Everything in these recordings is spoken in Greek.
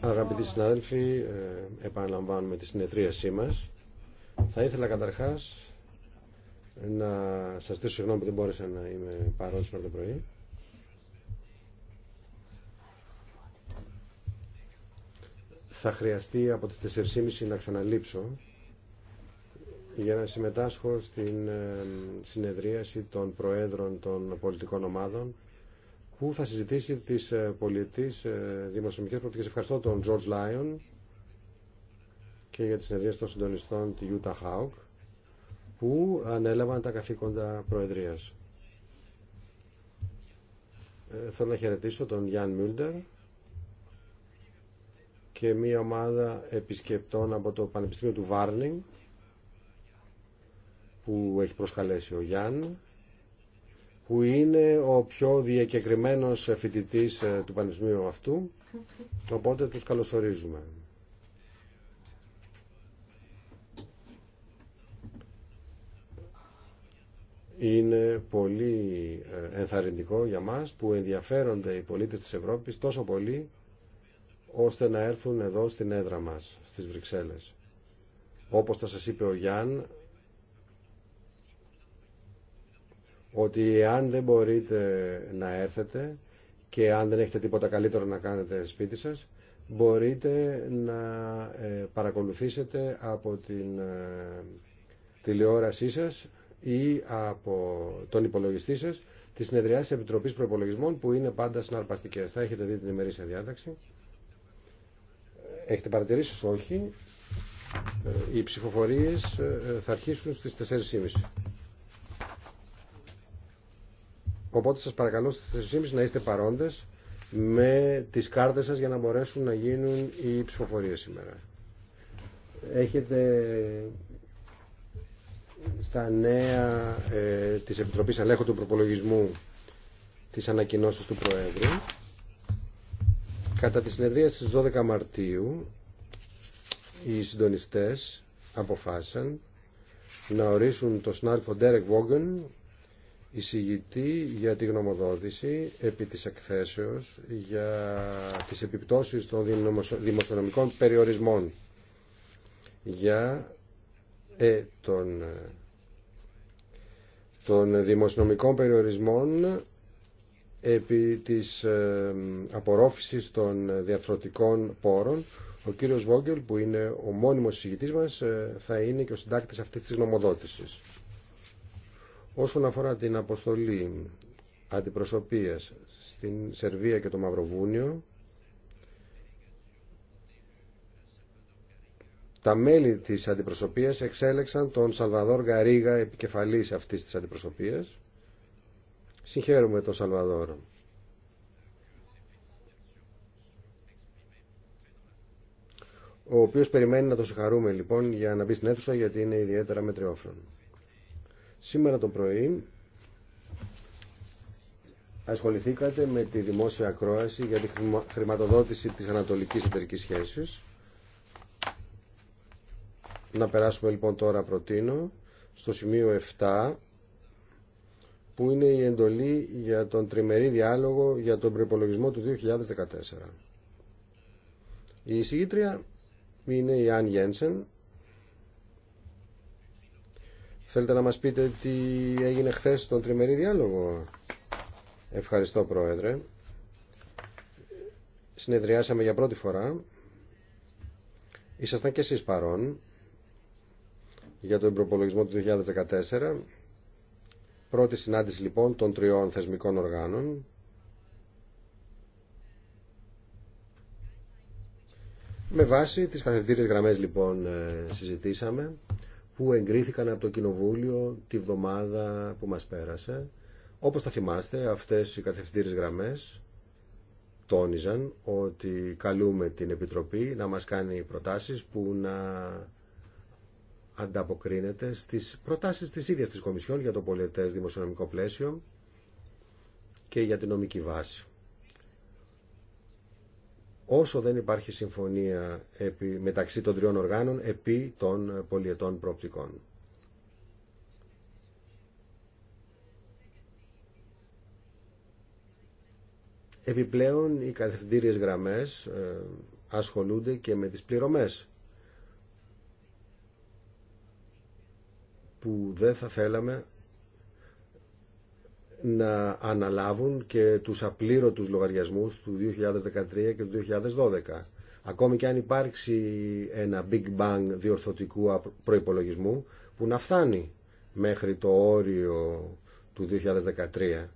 Αγαπητοί συνάδελφοι, ε, επαναλαμβάνουμε τη συνεδρίασή μας. Θα ήθελα καταρχάς να σας δείξω συγγνώμη που δεν μπόρεσα να είμαι παρόν σήμερα το πρωί. Θα χρειαστεί από τις 4.30 να ξαναλείψω για να συμμετάσχω στην ε, συνεδρίαση των Προέδρων των Πολιτικών Ομάδων που θα συζητήσει τις ε, πολιτείς ε, δημοσιονομικές προοπτικές. Ευχαριστώ τον George Lyon και για τις συνεδρίες των συντονιστών τη Utah Hawk που ανέλαβαν τα καθήκοντα προεδρίας. Ε, θέλω να χαιρετήσω τον Γιάν Μιούλτερ και μία ομάδα επισκεπτών από το Πανεπιστήμιο του Βάρνινγκ που έχει προσκαλέσει ο Γιάννη που είναι ο πιο διακεκριμένος φοιτητή ε, του Πανεπιστημίου αυτού, οπότε τους καλωσορίζουμε. Είναι πολύ ε, ενθαρρυντικό για μας που ενδιαφέρονται οι πολίτες της Ευρώπης τόσο πολύ ώστε να έρθουν εδώ στην έδρα μας, στις Βρυξέλλες. Όπως θα σας είπε ο Γιάνν, ότι αν δεν μπορείτε να έρθετε και αν δεν έχετε τίποτα καλύτερο να κάνετε σπίτι σας, μπορείτε να ε, παρακολουθήσετε από την ε, τηλεόρασή σας ή από τον υπολογιστή σας τη συνεδριά της Επιτροπή Προπολογισμών που είναι πάντα συναρπαστικέ. Θα έχετε δει την ημερήσια διάταξη. Έχετε παρατηρήσει, όχι. Ε, οι ψηφοφορίες θα αρχίσουν στις 4.30. Οπότε σας παρακαλώ στις 3.30 να είστε παρόντες με τις κάρτες σας για να μπορέσουν να γίνουν οι ψηφοφορίες σήμερα. Έχετε στα νέα ε, της Επιτροπής Αλέχου του Προπολογισμού της ανακοινώσεις του Προέδρου. Κατά τη συνεδρία στις 12 Μαρτίου οι συντονιστές αποφάσισαν να ορίσουν τον συνάδελφο Ντέρεκ Βόγγεν εισηγητή για τη γνωμοδότηση επί της εκθέσεως για τις επιπτώσεις των δημοσιονομικών περιορισμών για ε, των, των δημοσιονομικών περιορισμών επί της ε, απορρόφησης των διαρθρωτικών πόρων. Ο κύριος Βόγγελ, που είναι ο μόνιμος εισηγητής μας, ε, θα είναι και ο συντάκτης αυτής της γνωμοδότησης. Όσον αφορά την αποστολή αντιπροσωπείας στην Σερβία και το Μαυροβούνιο, τα μέλη της αντιπροσωπείας εξέλεξαν τον Σαλβαδόρ Γαρίγα επικεφαλής αυτής της αντιπροσωπείας. Συγχαίρουμε τον Σαλβαδόρ. ο οποίος περιμένει να το συγχαρούμε λοιπόν για να μπει στην αίθουσα γιατί είναι ιδιαίτερα μετριόφρον. Σήμερα το πρωί ασχοληθήκατε με τη δημόσια ακρόαση για τη χρηματοδότηση της ανατολικής εταιρικής σχέσης. Να περάσουμε λοιπόν τώρα προτείνω στο σημείο 7 που είναι η εντολή για τον τριμερή διάλογο για τον προπολογισμό του 2014. Η εισηγήτρια είναι η Αν Γένσεν Θέλετε να μας πείτε τι έγινε χθες στον τριμερή διάλογο. Ευχαριστώ Πρόεδρε. Συνεδριάσαμε για πρώτη φορά. Ήσασταν και εσείς παρόν για τον προπολογισμό του 2014. Πρώτη συνάντηση λοιπόν των τριών θεσμικών οργάνων. Με βάση τις καθευτήριες γραμμές λοιπόν ε, συζητήσαμε που εγκρίθηκαν από το Κοινοβούλιο τη βδομάδα που μας πέρασε. Όπως θα θυμάστε, αυτές οι κατευθυντήρες γραμμές τόνιζαν ότι καλούμε την Επιτροπή να μας κάνει προτάσεις που να ανταποκρίνεται στις προτάσεις της ίδιας της Κομισιόν για το πολιτές δημοσιονομικό πλαίσιο και για την νομική βάση όσο δεν υπάρχει συμφωνία μεταξύ των τριών οργάνων επί των πολιετών προοπτικών. Επιπλέον, οι καθευτήριες γραμμές ε, ασχολούνται και με τις πληρωμές που δεν θα θέλαμε να αναλάβουν και τους απλήρωτους λογαριασμούς του 2013 και του 2012. Ακόμη και αν υπάρξει ένα big bang διορθωτικού προϋπολογισμού που να φτάνει μέχρι το όριο του 2013.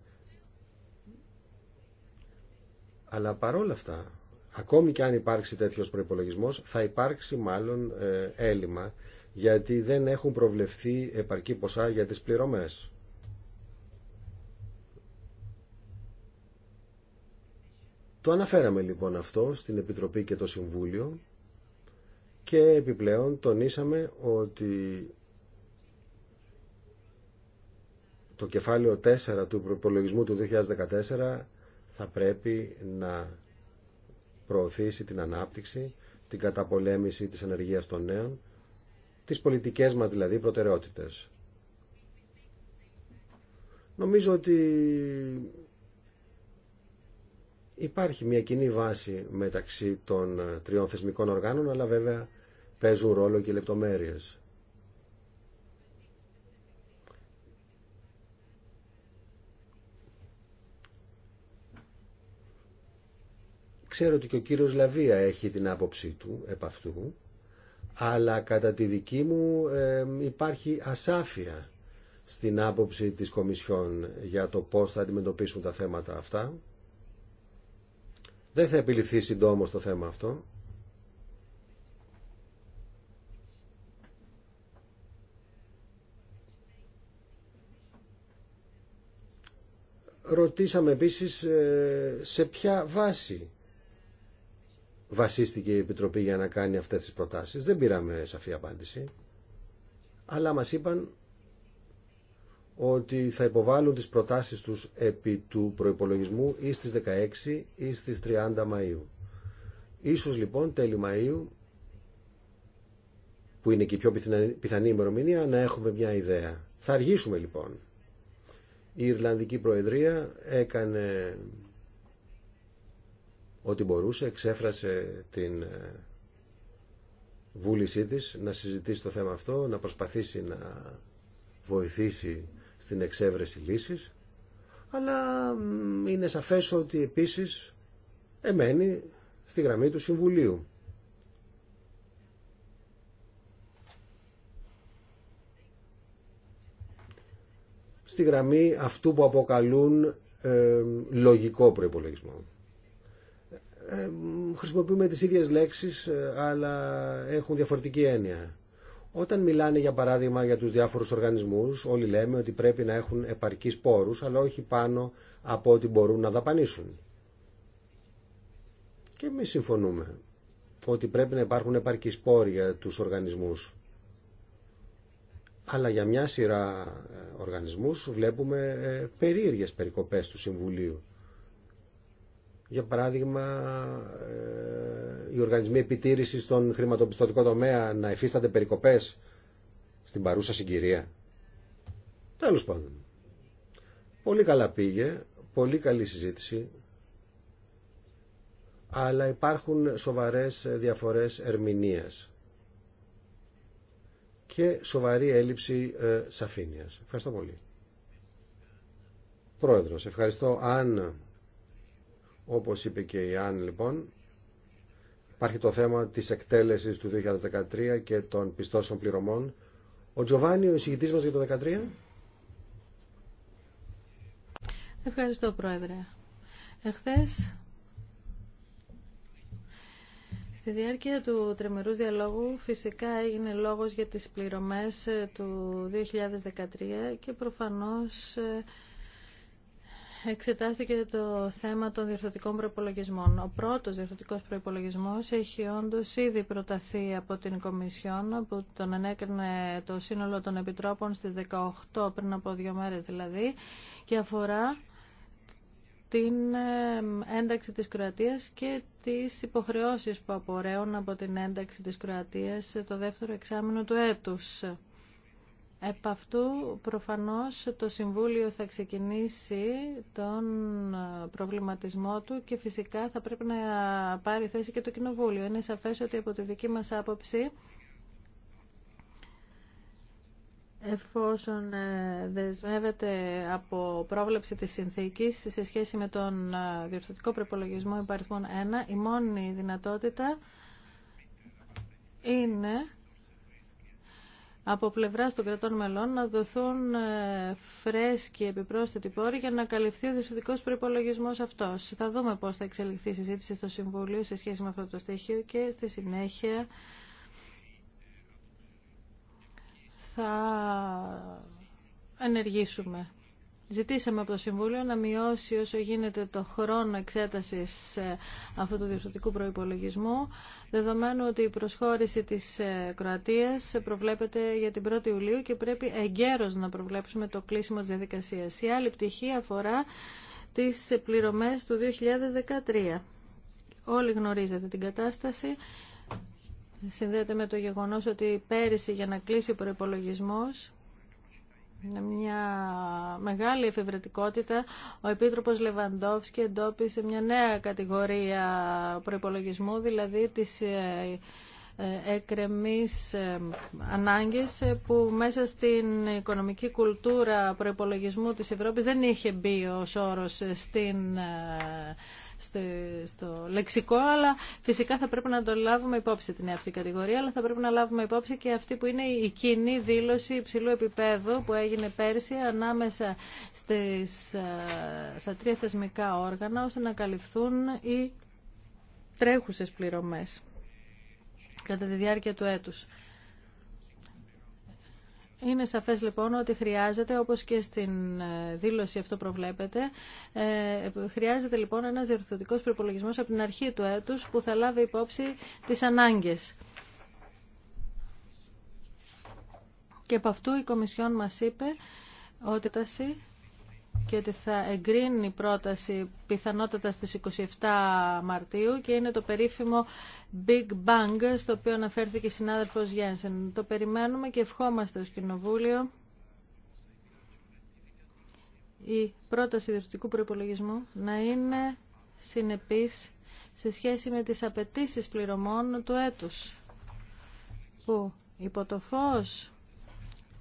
Αλλά παρόλα αυτά, ακόμη και αν υπάρξει τέτοιος προϋπολογισμός, θα υπάρξει μάλλον ε, έλλειμμα, γιατί δεν έχουν προβλεφθεί επαρκή ποσά για τις πληρωμές. Το αναφέραμε λοιπόν αυτό στην Επιτροπή και το Συμβούλιο και επιπλέον τονίσαμε ότι το κεφάλαιο 4 του προπολογισμού του 2014 θα πρέπει να προωθήσει την ανάπτυξη, την καταπολέμηση της ενεργείας των νέων, τις πολιτικές μας δηλαδή προτεραιότητες. Νομίζω ότι Υπάρχει μια κοινή βάση μεταξύ των ε, τριών θεσμικών οργάνων, αλλά βέβαια παίζουν ρόλο και λεπτομέρειες. Ξέρω ότι και ο κύριος Λαβία έχει την άποψή του επ' αυτού, αλλά κατά τη δική μου ε, υπάρχει ασάφεια στην άποψη της Κομισιόν για το πώς θα αντιμετωπίσουν τα θέματα αυτά. Δεν θα επιληθεί συντόμω το θέμα αυτό. Ρωτήσαμε επίσης ε, σε ποια βάση βασίστηκε η Επιτροπή για να κάνει αυτές τις προτάσεις. Δεν πήραμε σαφή απάντηση, αλλά μας είπαν ότι θα υποβάλουν τις προτάσεις τους επί του προϋπολογισμού ή στις 16 ή στις 30 Μαΐου. Ίσως λοιπόν τέλη Μαΐου, που είναι και η πιο πιθανή ημερομηνία, να έχουμε μια ιδέα. Θα αργήσουμε λοιπόν. Η Ιρλανδική Προεδρία έκανε ό,τι μπορούσε, εξέφρασε την ε, βούλησή της να συζητήσει το θέμα αυτό, να προσπαθήσει να βοηθήσει στην εξέβρεση λύσης αλλά είναι σαφές ότι επίσης εμένει στη γραμμή του Συμβουλίου. Στη γραμμή αυτού που αποκαλούν ε, λογικό προϋπολογισμό. Ε, χρησιμοποιούμε τις ίδιες λέξεις ε, αλλά έχουν διαφορετική έννοια. Όταν μιλάνε για παράδειγμα για τους διάφορους οργανισμούς, όλοι λέμε ότι πρέπει να έχουν επαρκείς πόρους, αλλά όχι πάνω από ό,τι μπορούν να δαπανίσουν. Και εμεί συμφωνούμε ότι πρέπει να υπάρχουν επαρκείς πόροι για τους οργανισμούς. Αλλά για μια σειρά ε, οργανισμούς βλέπουμε ε, περίεργες περικοπές του Συμβουλίου. Για παράδειγμα, ε, οι οργανισμοί επιτήρηση στον χρηματοπιστωτικό τομέα να υφίστανται περικοπές στην παρούσα συγκυρία. Τέλος πάντων. Πολύ καλά πήγε, πολύ καλή συζήτηση, αλλά υπάρχουν σοβαρές διαφορές ερμηνείας και σοβαρή έλλειψη ε, σαφήνειας. Ευχαριστώ πολύ. Πρόεδρος, ευχαριστώ αν όπως είπε και η Αν, λοιπόν, υπάρχει το θέμα της εκτέλεσης του 2013 και των πιστώσεων πληρωμών. Ο Τζοβάνι, ο εισηγητής μας για το 2013. Ευχαριστώ Πρόεδρε. Εχθές Στη διάρκεια του τρεμερούς διαλόγου φυσικά έγινε λόγος για τις πληρωμές του 2013 και προφανώς ε, εξετάστηκε το θέμα των διορθωτικών προπολογισμών. Ο πρώτος διορθωτικός προϋπολογισμός έχει όντως ήδη προταθεί από την Κομισιόν που τον ανέκρινε το σύνολο των επιτρόπων στις 18 πριν από δύο μέρες δηλαδή και αφορά την ε, ένταξη της Κροατίας και τις υποχρεώσεις που απορρέουν από την ένταξη της Κροατίας το δεύτερο εξάμεινο του έτους. Επ' αυτού προφανώς το Συμβούλιο θα ξεκινήσει τον ε, προβληματισμό του και φυσικά θα πρέπει να πάρει θέση και το Κοινοβούλιο. Είναι σαφές ότι από τη δική μας άποψη εφόσον ε, δεσμεύεται από πρόβλεψη της συνθήκης σε σχέση με τον ε, διορθωτικό προπολογισμό υπαριθμών 1, η μόνη δυνατότητα είναι από πλευρά των κρατών μελών να δοθούν ε, φρέσκοι επιπρόσθετοι πόροι για να καλυφθεί ο διευθυντικό προπολογισμό αυτό. Θα δούμε πώ θα εξελιχθεί η συζήτηση στο Συμβούλιο σε σχέση με αυτό το στοιχείο και στη συνέχεια θα ενεργήσουμε. Ζητήσαμε από το Συμβούλιο να μειώσει όσο γίνεται το χρόνο εξέτασης ε, αυτού του διευθυντικού προϋπολογισμού, δεδομένου ότι η προσχώρηση της ε, Κροατίας προβλέπεται για την 1η Ιουλίου και πρέπει εγκαίρως να προβλέψουμε το κλείσιμο της διαδικασίας. Η άλλη πτυχή αφορά τις πληρωμές του 2013. Όλοι γνωρίζετε την κατάσταση. Συνδέεται με το γεγονός ότι πέρυσι για να κλείσει ο προϋπολογισμός μια μεγάλη εφευρετικότητα, ο Επίτροπος Λεβαντόφσκι εντόπισε μια νέα κατηγορία προϋπολογισμού, δηλαδή της ε, ε, εκρεμής ε, ανάγκης που μέσα στην οικονομική κουλτούρα προϋπολογισμού της Ευρώπης δεν είχε μπει ως όρος στην στο, στο λεξικό, αλλά φυσικά θα πρέπει να το λάβουμε υπόψη την αυτή κατηγορία, αλλά θα πρέπει να λάβουμε υπόψη και αυτή που είναι η κοινή δήλωση υψηλού επίπεδου που έγινε πέρσι ανάμεσα στις, στα τρία θεσμικά όργανα, ώστε να καλυφθούν οι τρέχουσες πληρωμές κατά τη διάρκεια του έτους. Είναι σαφές λοιπόν ότι χρειάζεται, όπως και στην ε, δήλωση αυτό προβλέπεται, ε, χρειάζεται λοιπόν ένας διορθωτικός προπολογισμός από την αρχή του έτους που θα λάβει υπόψη τις ανάγκες. Και από αυτού η Κομισιόν μας είπε ότι ΣΥ και ότι θα εγκρίνει η πρόταση πιθανότατα στις 27 Μαρτίου και είναι το περίφημο Big Bang στο οποίο αναφέρθηκε η συνάδελφος Γένσεν. Το περιμένουμε και ευχόμαστε ως Κοινοβούλιο η πρόταση διευθυντικού προϋπολογισμού να είναι συνεπής σε σχέση με τις απαιτήσεις πληρωμών του έτους που υπό το φως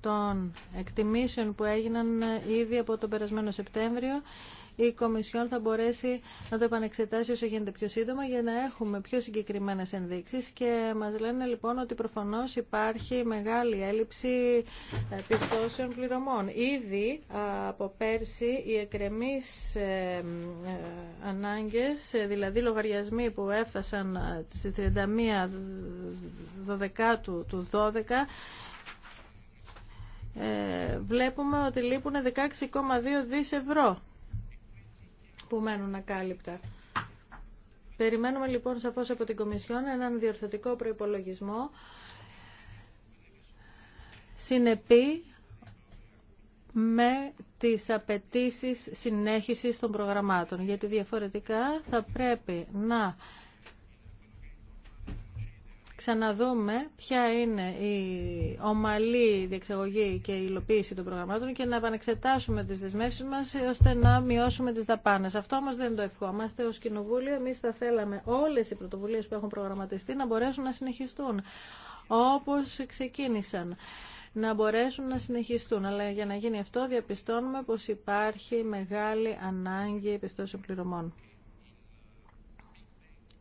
των εκτιμήσεων που έγιναν ε, ήδη από τον περασμένο Σεπτέμβριο η Κομισιόν θα μπορέσει να το επανεξετάσει όσο γίνεται πιο σύντομα για να έχουμε πιο συγκεκριμένες ενδείξεις και μας λένε λοιπόν ότι προφανώς υπάρχει μεγάλη έλλειψη ε, πιστώσεων πληρωμών. Ήδη από πέρσι οι εκρεμείς ε, ανάγκες, δηλαδή λογαριασμοί που έφτασαν στις 31 12 του 12 ε, βλέπουμε ότι λείπουν 16,2 δις ευρώ που μένουν ακάλυπτα. Περιμένουμε λοιπόν σαφώς από την Κομισιόν έναν διορθωτικό προϋπολογισμό συνεπή με τις απαιτήσει συνέχισης των προγραμμάτων, γιατί διαφορετικά θα πρέπει να ξαναδούμε ποια είναι η ομαλή διεξαγωγή και η υλοποίηση των προγραμμάτων και να επανεξετάσουμε τις δεσμεύσεις μας ώστε να μειώσουμε τις δαπάνες. Αυτό όμως δεν το ευχόμαστε ως Κοινοβούλιο. Εμείς θα θέλαμε όλες οι πρωτοβουλίες που έχουν προγραμματιστεί να μπορέσουν να συνεχιστούν όπως ξεκίνησαν να μπορέσουν να συνεχιστούν. Αλλά για να γίνει αυτό διαπιστώνουμε πως υπάρχει μεγάλη ανάγκη επιστώσεων πληρωμών.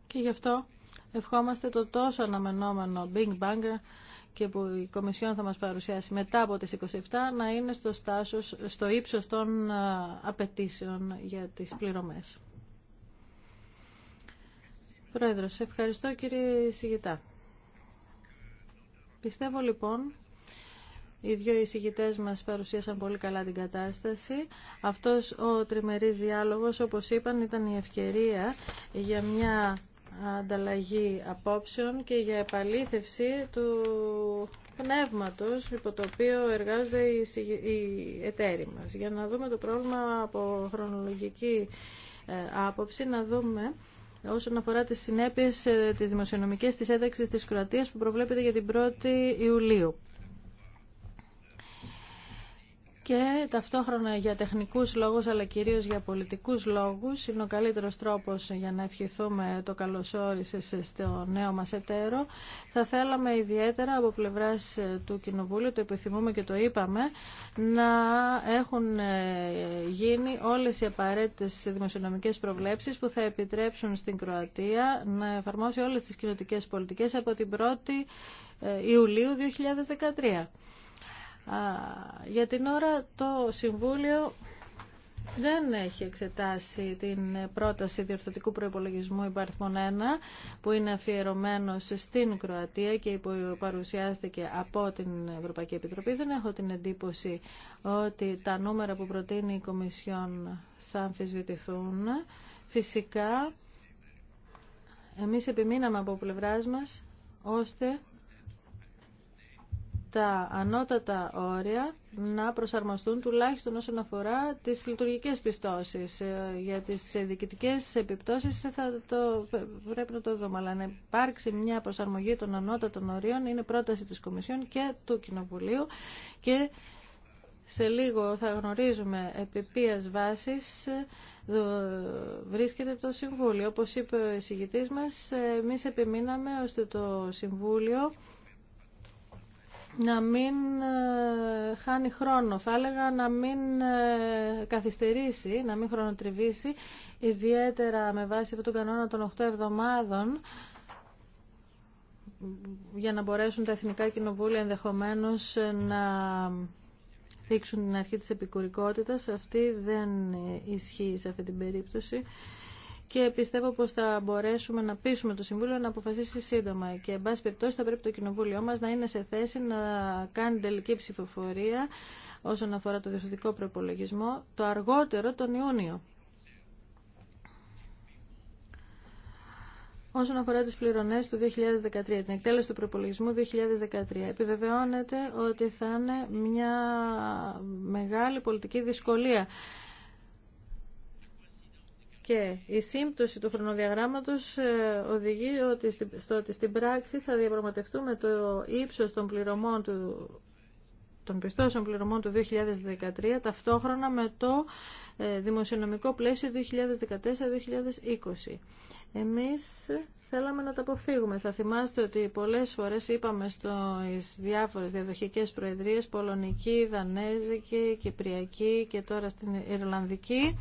Και γι' αυτό Ευχόμαστε το τόσο αναμενόμενο Big Bang και που η Κομισιόν θα μας παρουσιάσει μετά από τις 27 να είναι στο, στάσος, στο ύψος των ε, απαιτήσεων για τις πληρωμές. Πρόεδρος, ευχαριστώ κύριε Σιγητά. Πιστεύω λοιπόν οι δύο εισηγητέ μας παρουσίασαν πολύ καλά την κατάσταση. Αυτός ο τριμερής διάλογος, όπως είπαν, ήταν η ευκαιρία για μια ανταλλαγή απόψεων και για επαλήθευση του πνεύματος υπό το οποίο εργάζονται οι εταίροι μας. Για να δούμε το πρόβλημα από χρονολογική ε, άποψη, να δούμε όσον αφορά τις συνέπειες ε, της δημοσιονομικής της ένταξης της Κροατίας που προβλέπεται για την 1η Ιουλίου και ταυτόχρονα για τεχνικούς λόγους αλλά κυρίως για πολιτικούς λόγους είναι ο καλύτερος τρόπος για να ευχηθούμε το καλωσόρισε στο νέο μας εταίρο. Θα θέλαμε ιδιαίτερα από πλευράς του Κοινοβούλου, το επιθυμούμε και το είπαμε, να έχουν ε, γίνει όλες οι απαραίτητες δημοσιονομικές προβλέψεις που θα επιτρέψουν στην Κροατία να εφαρμόσει όλες τις κοινωτικές πολιτικές από την 1η ε, Ιουλίου 2013. Για την ώρα το Συμβούλιο δεν έχει εξετάσει την πρόταση διορθωτικού προϋπολογισμού υπαρθμών 1 που είναι αφιερωμένο στην Κροατία και που παρουσιάστηκε από την Ευρωπαϊκή Επιτροπή. Δεν έχω την εντύπωση ότι τα νούμερα που προτείνει η Κομισιόν θα αμφισβητηθούν. Φυσικά, εμείς επιμείναμε από πλευράς μας ώστε τα ανώτατα όρια να προσαρμοστούν τουλάχιστον όσον αφορά τις λειτουργικές πιστώσεις. Ε, για τις διοικητικές επιπτώσεις θα το, πρέπει να το δούμε, αλλά να υπάρξει μια προσαρμογή των ανώτατων ορίων είναι πρόταση της Κομισιόν και του Κοινοβουλίου και σε λίγο θα γνωρίζουμε επί ποιας βάσης ε, βρίσκεται το Συμβούλιο. Όπως είπε ο εισηγητής μας, ε, εμείς επιμείναμε ώστε το Συμβούλιο να μην ε, χάνει χρόνο. Θα έλεγα να μην ε, καθυστερήσει, να μην χρονοτριβήσει, ιδιαίτερα με βάση αυτόν τον κανόνα των 8 εβδομάδων, για να μπορέσουν τα εθνικά κοινοβούλια ενδεχομένως ε, να δείξουν την αρχή της επικουρικότητας. Αυτή δεν ισχύει σε αυτή την περίπτωση και πιστεύω πως θα μπορέσουμε να πείσουμε το Συμβούλιο να αποφασίσει σύντομα και εν πάση περιπτώσει θα πρέπει το Κοινοβούλιο μας να είναι σε θέση να κάνει τελική ψηφοφορία όσον αφορά το διευθυντικό προπολογισμό το αργότερο τον Ιούνιο. Όσον αφορά τις πληρωνές του 2013, την εκτέλεση του προπολογισμού 2013, επιβεβαιώνεται ότι θα είναι μια μεγάλη πολιτική δυσκολία και η σύμπτωση του χρονοδιαγράμματος ε, οδηγεί στο ότι στην πράξη θα διαπραγματευτούμε το ύψος των πληρωμών του των πιστώσεων πληρωμών του 2013 ταυτόχρονα με το ε, δημοσιονομικό πλαίσιο 2014-2020. Εμείς θέλαμε να τα αποφύγουμε. Θα θυμάστε ότι πολλές φορές είπαμε στις διάφορες διαδοχικές προεδρίες, Πολωνική, Δανέζικη, Κυπριακή και τώρα στην Ιρλανδική,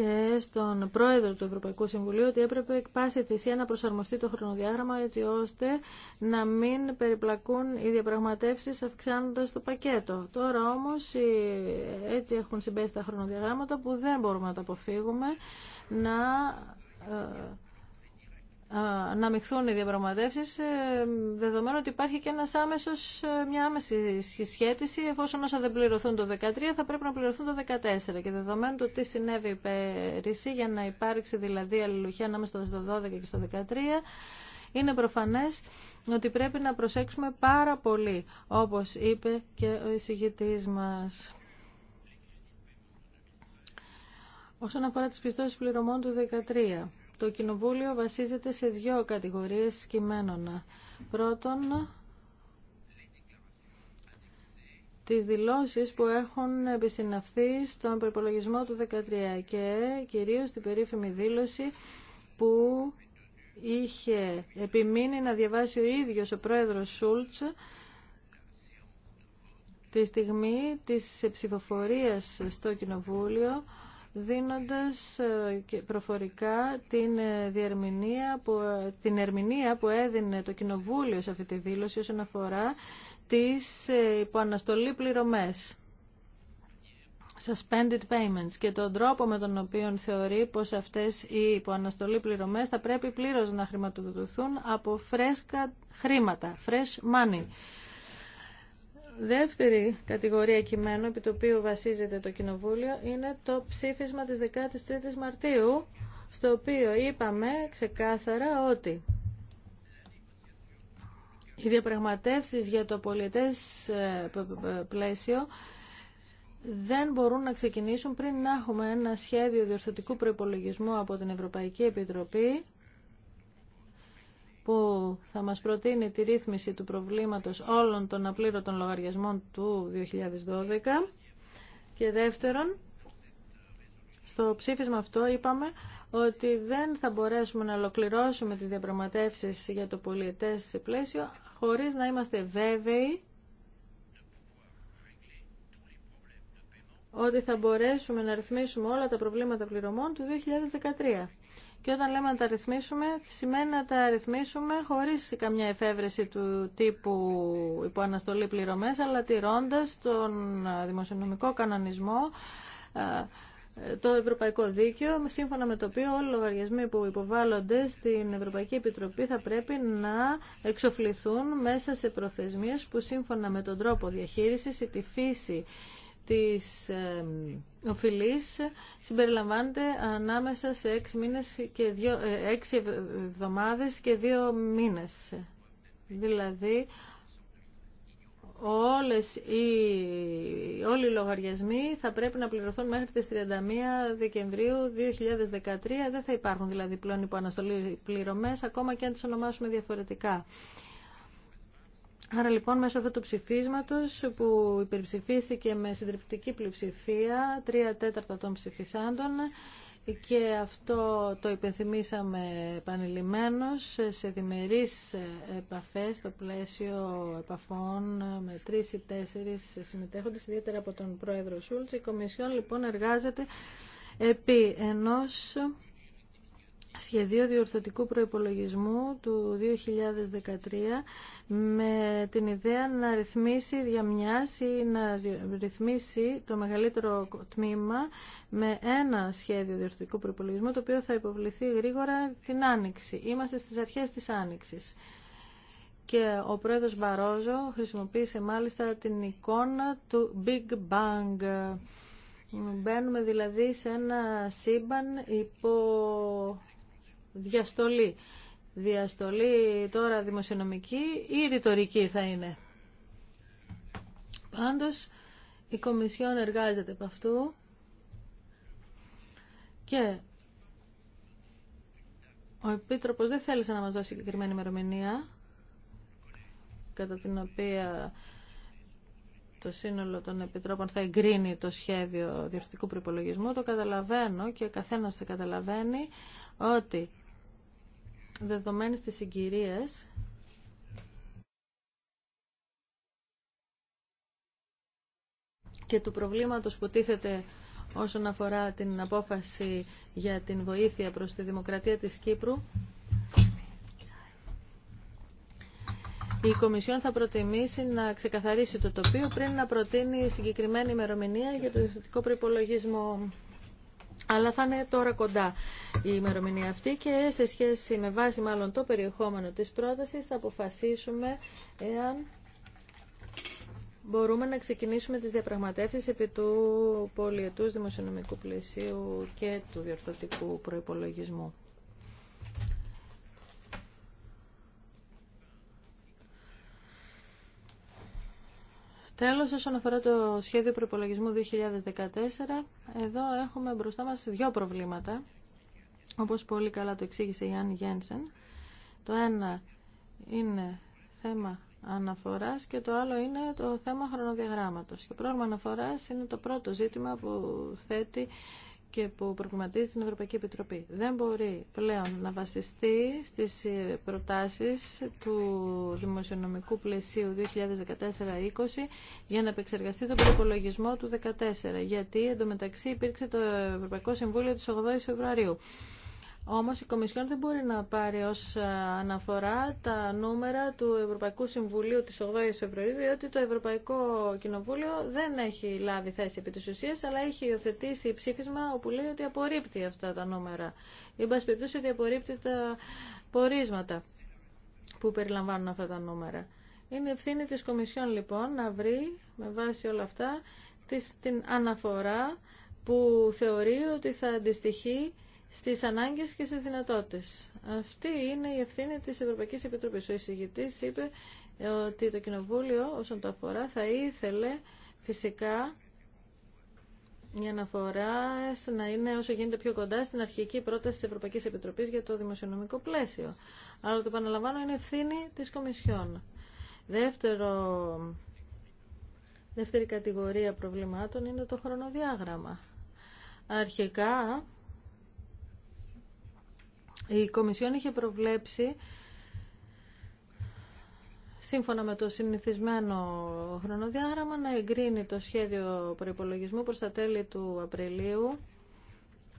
και στον πρόεδρο του Ευρωπαϊκού Συμβουλίου ότι έπρεπε εκ πάση θυσία να προσαρμοστεί το χρονοδιάγραμμα έτσι ώστε να μην περιπλακούν οι διαπραγματεύσει αυξάνοντα το πακέτο. Τώρα όμως έτσι έχουν συμπέσει τα χρονοδιαγράμματα που δεν μπορούμε να τα αποφύγουμε να ε, να μειχθούν οι διαπραγματεύσει, ε, δεδομένου ότι υπάρχει και ένας άμεσος, ε, μια άμεση συσχέτιση, εφόσον όσα δεν πληρωθούν το 2013 θα πρέπει να πληρωθούν το 2014. Και δεδομένου του τι συνέβη πέρυσι, για να υπάρξει δηλαδή αλληλουχία ανάμεσα στο 2012 και στο 2013, είναι προφανές ότι πρέπει να προσέξουμε πάρα πολύ, όπως είπε και ο εισηγητής μας. Όσον αφορά τις πιστώσεις πληρωμών του 2013, το Κοινοβούλιο βασίζεται σε δύο κατηγορίες κειμένων. Πρώτον, τις δηλώσεις που έχουν επισυναυθεί στον προπολογισμό του 2013 και κυρίως την περίφημη δήλωση που είχε επιμείνει να διαβάσει ο ίδιος ο πρόεδρος Σούλτς τη στιγμή της ψηφοφορίας στο Κοινοβούλιο δίνοντας ε, προφορικά την, ε, ε, την ερμηνεία που έδινε το Κοινοβούλιο σε αυτή τη δήλωση όσον αφορά τις υποαναστολή πληρωμές suspended payments και τον τρόπο με τον οποίο θεωρεί πως αυτές οι υποαναστολή πληρωμές θα πρέπει πλήρως να χρηματοδοτηθούν από φρέσκα χρήματα, fresh money. Δεύτερη κατηγορία κειμένου επί το οποίο βασίζεται το Κοινοβούλιο είναι το ψήφισμα της 13ης Μαρτίου στο οποίο είπαμε ξεκάθαρα ότι οι διαπραγματεύσεις για το πολιτές ε, πλαίσιο δεν μπορούν να ξεκινήσουν πριν να έχουμε ένα σχέδιο διορθωτικού προϋπολογισμού από την Ευρωπαϊκή Επιτροπή που θα μας προτείνει τη ρύθμιση του προβλήματος όλων των απλήρωτων λογαριασμών του 2012 και δεύτερον, στο ψήφισμα αυτό είπαμε ότι δεν θα μπορέσουμε να ολοκληρώσουμε τις διαπραγματεύσεις για το πολιετές πλαίσιο χωρίς να είμαστε βέβαιοι ότι θα μπορέσουμε να ρυθμίσουμε όλα τα προβλήματα πληρωμών του 2013. Και όταν λέμε να τα ρυθμίσουμε, σημαίνει να τα ρυθμίσουμε χωρίς καμιά εφεύρεση του τύπου υποαναστολή πληρωμέ, αλλά τηρώντα τον δημοσιονομικό κανονισμό, ε, το Ευρωπαϊκό Δίκαιο, σύμφωνα με το οποίο όλοι οι λογαριασμοί που υποβάλλονται στην Ευρωπαϊκή Επιτροπή θα πρέπει να εξοφληθούν μέσα σε προθεσμίες που σύμφωνα με τον τρόπο διαχείρισης ή τη φύση της οφειλής συμπεριλαμβάνεται ανάμεσα σε έξι μήνες και ε, έξι εβδομάδες και δύο μήνες. Δηλαδή, όλες οι, όλοι οι λογαριασμοί θα πρέπει να πληρωθούν μέχρι τις 31 Δεκεμβρίου 2013. Δεν θα υπάρχουν δηλαδή πλέον υποαναστολή πληρωμές, ακόμα και αν τις ονομάσουμε διαφορετικά. Άρα λοιπόν μέσω αυτού του ψηφίσματος που υπερψηφίστηκε με συντριπτική πλειοψηφία, τρία τέταρτα των ψηφισάντων και αυτό το υπενθυμίσαμε επανειλημμένως σε διμερείς επαφές στο πλαίσιο επαφών με τρεις ή τέσσερις συμμετέχοντες, ιδιαίτερα από τον πρόεδρο Σούλτς. Η Κομισιόν λοιπόν εργάζεται επί ενός σχεδίου διορθωτικού προϋπολογισμού του 2013 με την ιδέα να ρυθμίσει μια ή να ρυθμίσει το μεγαλύτερο τμήμα με ένα σχέδιο διορθωτικού προπολογισμού το οποίο θα υποβληθεί γρήγορα την Άνοιξη. Είμαστε στις αρχές της Άνοιξης. Και ο πρόεδρος Μπαρόζο χρησιμοποίησε μάλιστα την εικόνα του Big Bang. Μπαίνουμε δηλαδή σε ένα σύμπαν υπό διαστολή διαστολή τώρα δημοσιονομική ή ρητορική θα είναι. Πάντως, η Κομισιόν εργάζεται από αυτού και ο Επίτροπος δεν θέλησε να μας δώσει συγκεκριμένη ημερομηνία κατά την οποία το σύνολο των Επιτρόπων θα εγκρίνει το σχέδιο διορθωτικού προπολογισμού. Το καταλαβαίνω και ο καθένας θα καταλαβαίνει ότι Δεδομένες τις συγκυρίες και του προβλήματος που τίθεται όσον αφορά την απόφαση για την βοήθεια προς τη δημοκρατία της Κύπρου, η Κομισιόν θα προτιμήσει να ξεκαθαρίσει το τοπίο πριν να προτείνει συγκεκριμένη ημερομηνία για το ειδικό προπολογισμό αλλά θα είναι τώρα κοντά η ημερομηνία αυτή και σε σχέση με βάση μάλλον το περιεχόμενο της πρότασης θα αποφασίσουμε εάν μπορούμε να ξεκινήσουμε τις διαπραγματεύσεις επί του πολιετούς δημοσιονομικού πλαισίου και του διορθωτικού προϋπολογισμού. Τέλο, όσον αφορά το σχέδιο προπολογισμού 2014, εδώ έχουμε μπροστά μας δύο προβλήματα, όπως πολύ καλά το εξήγησε η Άννη Γένσεν. Το ένα είναι θέμα αναφορά και το άλλο είναι το θέμα χρονοδιαγράμματος. Το πρόγραμμα αναφορά είναι το πρώτο ζήτημα που θέτει και που προβληματίζει την Ευρωπαϊκή Επιτροπή. Δεν μπορεί πλέον να βασιστεί στις ε, προτάσεις του δημοσιονομικού πλαισίου 2014-2020 για να επεξεργαστεί τον προπολογισμό του 2014, γιατί εντωμεταξύ υπήρξε το Ευρωπαϊκό Συμβούλιο της 8 Φεβρουαρίου. Όμως η Κομισιόν δεν μπορεί να πάρει ως ε, αναφορά τα νούμερα του Ευρωπαϊκού Συμβουλίου της 8ης Φεβρουαρίου, διότι το Ευρωπαϊκό Κοινοβούλιο δεν έχει λάβει θέση επί της ουσίας, αλλά έχει υιοθετήσει ψήφισμα όπου λέει ότι απορρίπτει αυτά τα νούμερα. Ή μπασπιπτούσε ότι απορρίπτει τα πορίσματα που περιλαμβάνουν αυτά τα νούμερα. Είναι ευθύνη της Κομισιόν λοιπόν να βρει με βάση όλα αυτά την αναφορά που θεωρεί ότι θα αντιστοιχεί Στι ανάγκε και στι δυνατότητε. Αυτή είναι η ευθύνη της Ευρωπαϊκής Επιτροπής. Ο εισηγητή είπε ότι το Κοινοβούλιο όσον το αφορά θα ήθελε φυσικά η αναφορά να είναι όσο γίνεται πιο κοντά στην αρχική πρόταση τη Ευρωπαϊκή Επιτροπή για το δημοσιονομικό πλαίσιο. Αλλά το επαναλαμβάνω είναι ευθύνη της Κομισιόν. Δεύτερο, δεύτερη κατηγορία προβλημάτων είναι το χρονοδιάγραμμα. Αρχικά η Κομισιόν είχε προβλέψει σύμφωνα με το συνηθισμένο χρονοδιάγραμμα να εγκρίνει το σχέδιο προϋπολογισμού προς τα τέλη του Απριλίου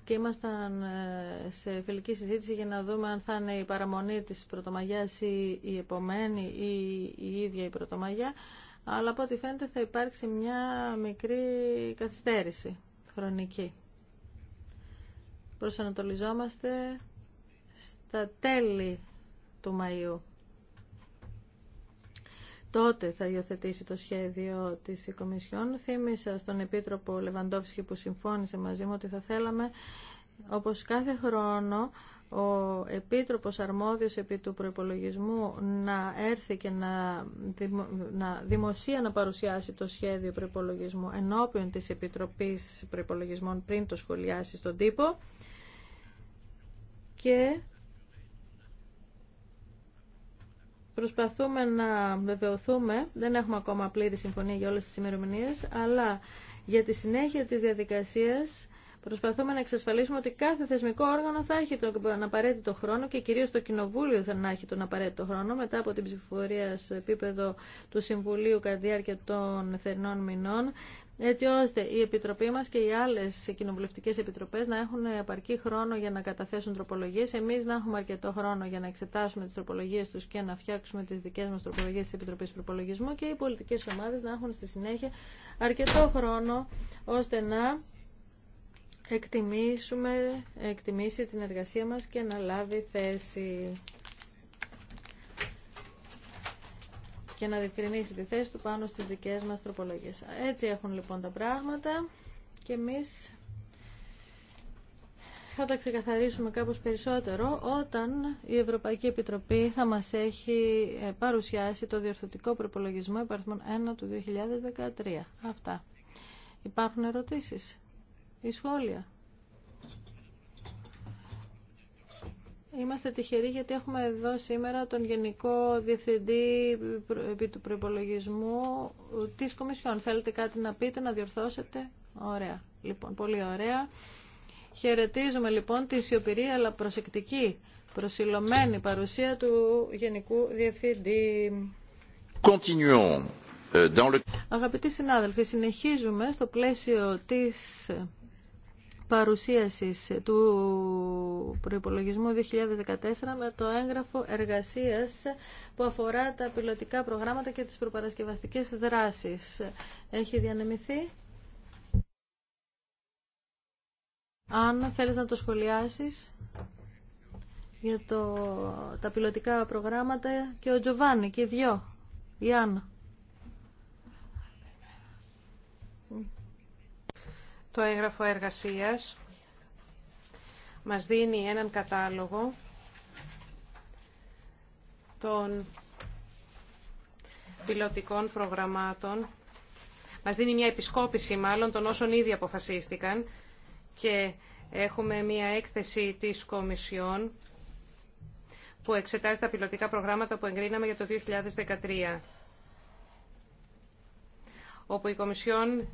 και ήμασταν ε, σε φιλική συζήτηση για να δούμε αν θα είναι η παραμονή της Πρωτομαγιάς ή η επομένη ή η ίδια η Πρωτομαγιά αλλά από ό,τι φαίνεται θα υπάρξει μια μικρή καθυστέρηση χρονική. Προσανατολιζόμαστε τα τέλη του Μαΐου. Τότε θα υιοθετήσει το σχέδιο της Κομισιόν. Θύμισα στον Επίτροπο Λεβαντόφσκι που συμφώνησε μαζί μου ότι θα θέλαμε, όπως κάθε χρόνο, ο Επίτροπος Αρμόδιος επί του προϋπολογισμού να έρθει και να, να δημοσία να παρουσιάσει το σχέδιο προϋπολογισμού ενώπιον της Επιτροπής Προϋπολογισμών πριν το σχολιάσει στον τύπο και προσπαθούμε να βεβαιωθούμε, δεν έχουμε ακόμα πλήρη συμφωνία για όλες τις ημερομηνίε, αλλά για τη συνέχεια της διαδικασίας Προσπαθούμε να εξασφαλίσουμε ότι κάθε θεσμικό όργανο θα έχει τον απαραίτητο χρόνο και κυρίω το Κοινοβούλιο θα έχει τον απαραίτητο χρόνο μετά από την ψηφοφορία σε επίπεδο του Συμβουλίου κατά διάρκεια των θερινών μηνών έτσι ώστε η Επιτροπή μας και οι άλλες κοινοβουλευτικές επιτροπές να έχουν επαρκή χρόνο για να καταθέσουν τροπολογίες, εμείς να έχουμε αρκετό χρόνο για να εξετάσουμε τις τροπολογίες τους και να φτιάξουμε τις δικές μας τροπολογίες τη Επιτροπή Προπολογισμού και οι πολιτικές ομάδες να έχουν στη συνέχεια αρκετό χρόνο ώστε να εκτιμήσουμε, εκτιμήσει την εργασία μας και να λάβει θέση και να διευκρινίσει τη θέση του πάνω στις δικές μας τροπολογίες. Έτσι έχουν λοιπόν τα πράγματα και εμείς θα τα ξεκαθαρίσουμε κάπως περισσότερο όταν η Ευρωπαϊκή Επιτροπή θα μας έχει ε, παρουσιάσει το διορθωτικό προπολογισμό υπαριθμών 1 του 2013. Αυτά. Υπάρχουν ερωτήσεις ή σχόλια. Είμαστε τυχεροί γιατί έχουμε εδώ σήμερα τον Γενικό Διευθυντή επί του προπολογισμού της Κομισιόν. Θέλετε κάτι να πείτε, να διορθώσετε. Ωραία. Λοιπόν, πολύ ωραία. Χαιρετίζουμε λοιπόν τη σιωπηρή αλλά προσεκτική, προσιλωμένη παρουσία του Γενικού Διευθυντή. Continuons. Euh, Αγαπητοί συνάδελφοι, συνεχίζουμε στο πλαίσιο της παρουσίασης του προϋπολογισμού 2014 με το έγγραφο εργασίας που αφορά τα πιλωτικά προγράμματα και τις προπαρασκευαστικές δράσεις. Έχει διανεμηθεί. Αν θέλεις να το σχολιάσεις για το, τα πιλωτικά προγράμματα και ο Τζοβάνι και οι δυο, η Το έγγραφο εργασίας μας δίνει έναν κατάλογο των πιλωτικών προγραμμάτων. Μας δίνει μια επισκόπηση μάλλον των όσων ήδη αποφασίστηκαν και έχουμε μια έκθεση της Κομισιόν που εξετάζει τα πιλωτικά προγράμματα που εγκρίναμε για το 2013 όπου η Κομισιόν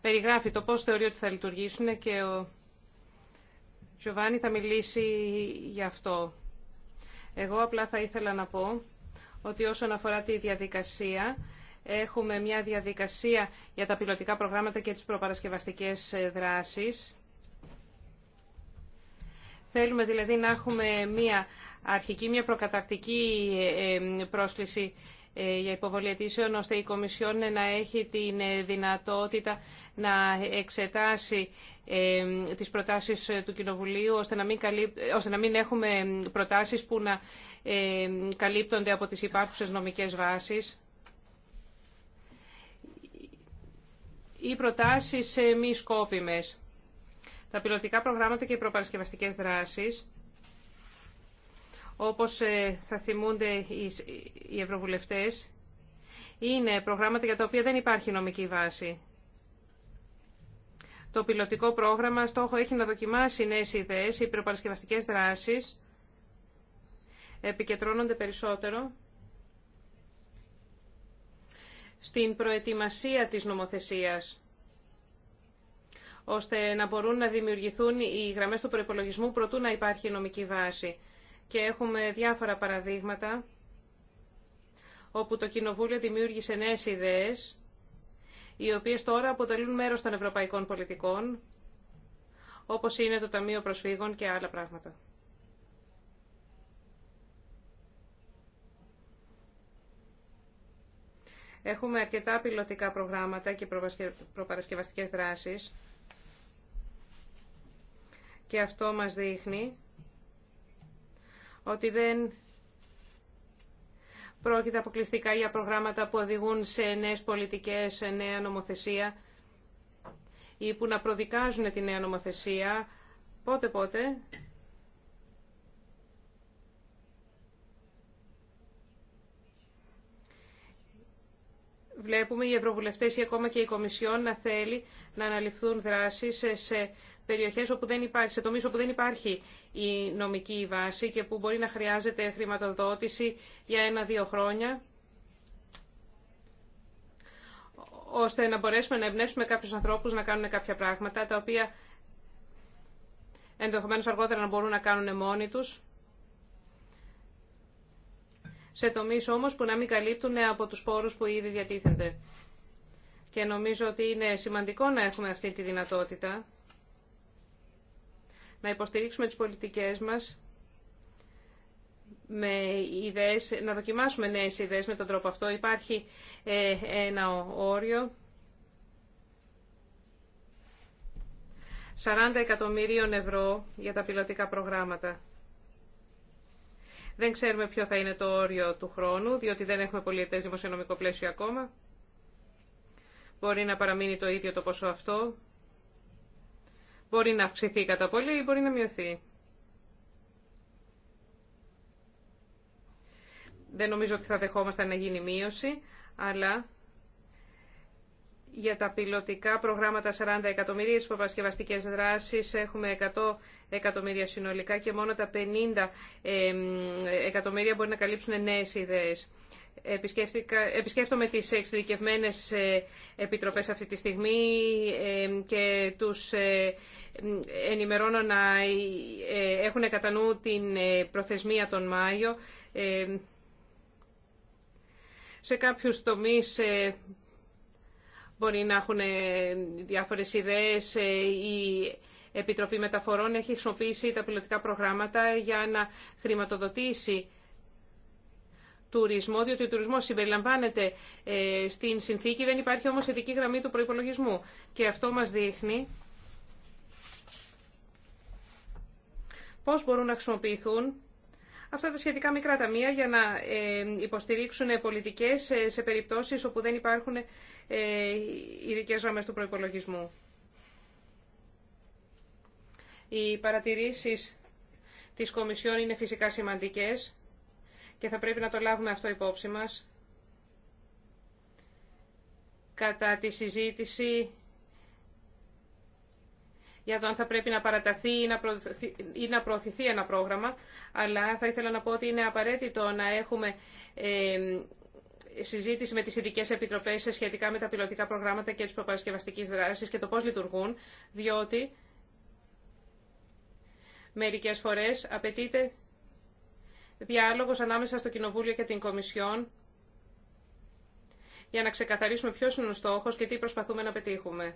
περιγράφει το πώς θεωρεί ότι θα λειτουργήσουν και ο Τζοβάνι θα μιλήσει γι' αυτό. Εγώ απλά θα ήθελα να πω ότι όσον αφορά τη διαδικασία, έχουμε μια διαδικασία για τα πιλωτικά προγράμματα και τις προπαρασκευαστικές ε, δράσεις. Θέλουμε δηλαδή να έχουμε μια αρχική, μια προκαταρτική ε, ε, πρόσκληση ε, για υποβολή αιτήσεων, ώστε η Κομισιόν να έχει την ε, δυνατότητα να εξετάσει ε, τις προτάσεις του Κοινοβουλίου, ώστε να μην, να έχουμε προτάσεις που να καλύπτονται από τις υπάρχουσες νομικές βάσεις. Οι προτάσεις μη σκόπιμες. Τα πιλωτικά προγράμματα και οι προπαρασκευαστικές δράσεις όπως ε, θα θυμούνται οι ευρωβουλευτές, είναι προγράμματα για τα οποία δεν υπάρχει νομική βάση. Το πιλωτικό πρόγραμμα στόχο έχει να δοκιμάσει νέες ιδέες, οι προπαρασκευαστικές δράσεις επικεντρώνονται περισσότερο στην προετοιμασία της νομοθεσίας ώστε να μπορούν να δημιουργηθούν οι γραμμές του προϋπολογισμού προτού να υπάρχει νομική βάση και έχουμε διάφορα παραδείγματα όπου το Κοινοβούλιο δημιούργησε νέες ιδέες, οι οποίες τώρα αποτελούν μέρος των ευρωπαϊκών πολιτικών, όπως είναι το Ταμείο Προσφύγων και άλλα πράγματα. Έχουμε αρκετά πιλωτικά προγράμματα και προπαρασκευαστικές δράσεις και αυτό μας δείχνει ότι δεν πρόκειται αποκλειστικά για προγράμματα που οδηγούν σε νέες πολιτικές, σε νέα νομοθεσία ή που να προδικάζουν τη νέα νομοθεσία. Πότε πότε. Βλέπουμε οι Ευρωβουλευτές ή ακόμα και η Κομισιόν να θέλει να αναλυφθούν δράσεις σε περιοχές όπου δεν υπάρχει, σε τομεί όπου δεν υπάρχει η νομική βάση και που μπορεί να χρειάζεται χρηματοδότηση για ένα-δύο χρόνια, ώστε να μπορέσουμε να εμπνεύσουμε κάποιους ανθρώπους να κάνουν κάποια πράγματα, τα οποία ενδεχομένως αργότερα να μπορούν να κάνουν μόνοι τους σε τομείς όμως που να μην καλύπτουν από τους πόρους που ήδη διατίθενται. Και νομίζω ότι είναι σημαντικό να έχουμε αυτή τη δυνατότητα να υποστηρίξουμε τις πολιτικές μας με ιδέες, να δοκιμάσουμε νέες ιδέες με τον τρόπο αυτό. Υπάρχει ε, ένα όριο 40 εκατομμύριων ευρώ για τα πιλωτικά προγράμματα. Δεν ξέρουμε ποιο θα είναι το όριο του χρόνου, διότι δεν έχουμε πολιετές δημοσιονομικό πλαίσιο ακόμα. Μπορεί να παραμείνει το ίδιο το ποσό αυτό, μπορεί να αυξηθεί κατά πολύ ή μπορεί να μειωθεί. Δεν νομίζω ότι θα δεχόμαστε να γίνει μείωση, αλλά για τα πιλωτικά προγράμματα 40 εκατομμύρια, τις προπασκευαστικέ δράσεις έχουμε 100 εκατομμύρια συνολικά και μόνο τα 50 εκατομμύρια μπορεί να καλύψουν νέες ιδέες. Επισκέφτομαι τις εξειδικευμένες ε, επιτροπές αυτή τη στιγμή και τους ε, ενημερώνω να ε, έχουν κατά νου την προθεσμία τον Μάιο. Σε κάποιους τομείς Μπορεί να έχουν ε, διάφορες ιδέες. Ε, η Επιτροπή Μεταφορών έχει χρησιμοποιήσει τα πιλωτικά προγράμματα για να χρηματοδοτήσει τουρισμό, διότι ο τουρισμός συμπεριλαμβάνεται ε, στην συνθήκη, δεν υπάρχει όμως ειδική γραμμή του προϋπολογισμού. Και αυτό μας δείχνει πώς μπορούν να χρησιμοποιηθούν αυτά τα σχετικά μικρά ταμεία για να ε, υποστηρίξουν πολιτικές ε, σε περιπτώσεις όπου δεν υπάρχουν ε, ειδικέ γραμμές του προϋπολογισμού. Οι παρατηρήσεις της Κομισιόν είναι φυσικά σημαντικές και θα πρέπει να το λάβουμε αυτό υπόψη μας κατά τη συζήτηση για το αν θα πρέπει να παραταθεί ή να, προωθηθεί, να ένα πρόγραμμα, αλλά θα ήθελα να πω ότι είναι απαραίτητο να έχουμε συζήτηση με τις ειδικέ επιτροπές σχετικά με τα πιλωτικά προγράμματα και τις προπαρασκευαστικές δράσεις και το πώς λειτουργούν, διότι μερικές φορές απαιτείται διάλογος ανάμεσα στο Κοινοβούλιο και την Κομισιόν για να ξεκαθαρίσουμε ποιος είναι ο στόχος και τι προσπαθούμε να πετύχουμε.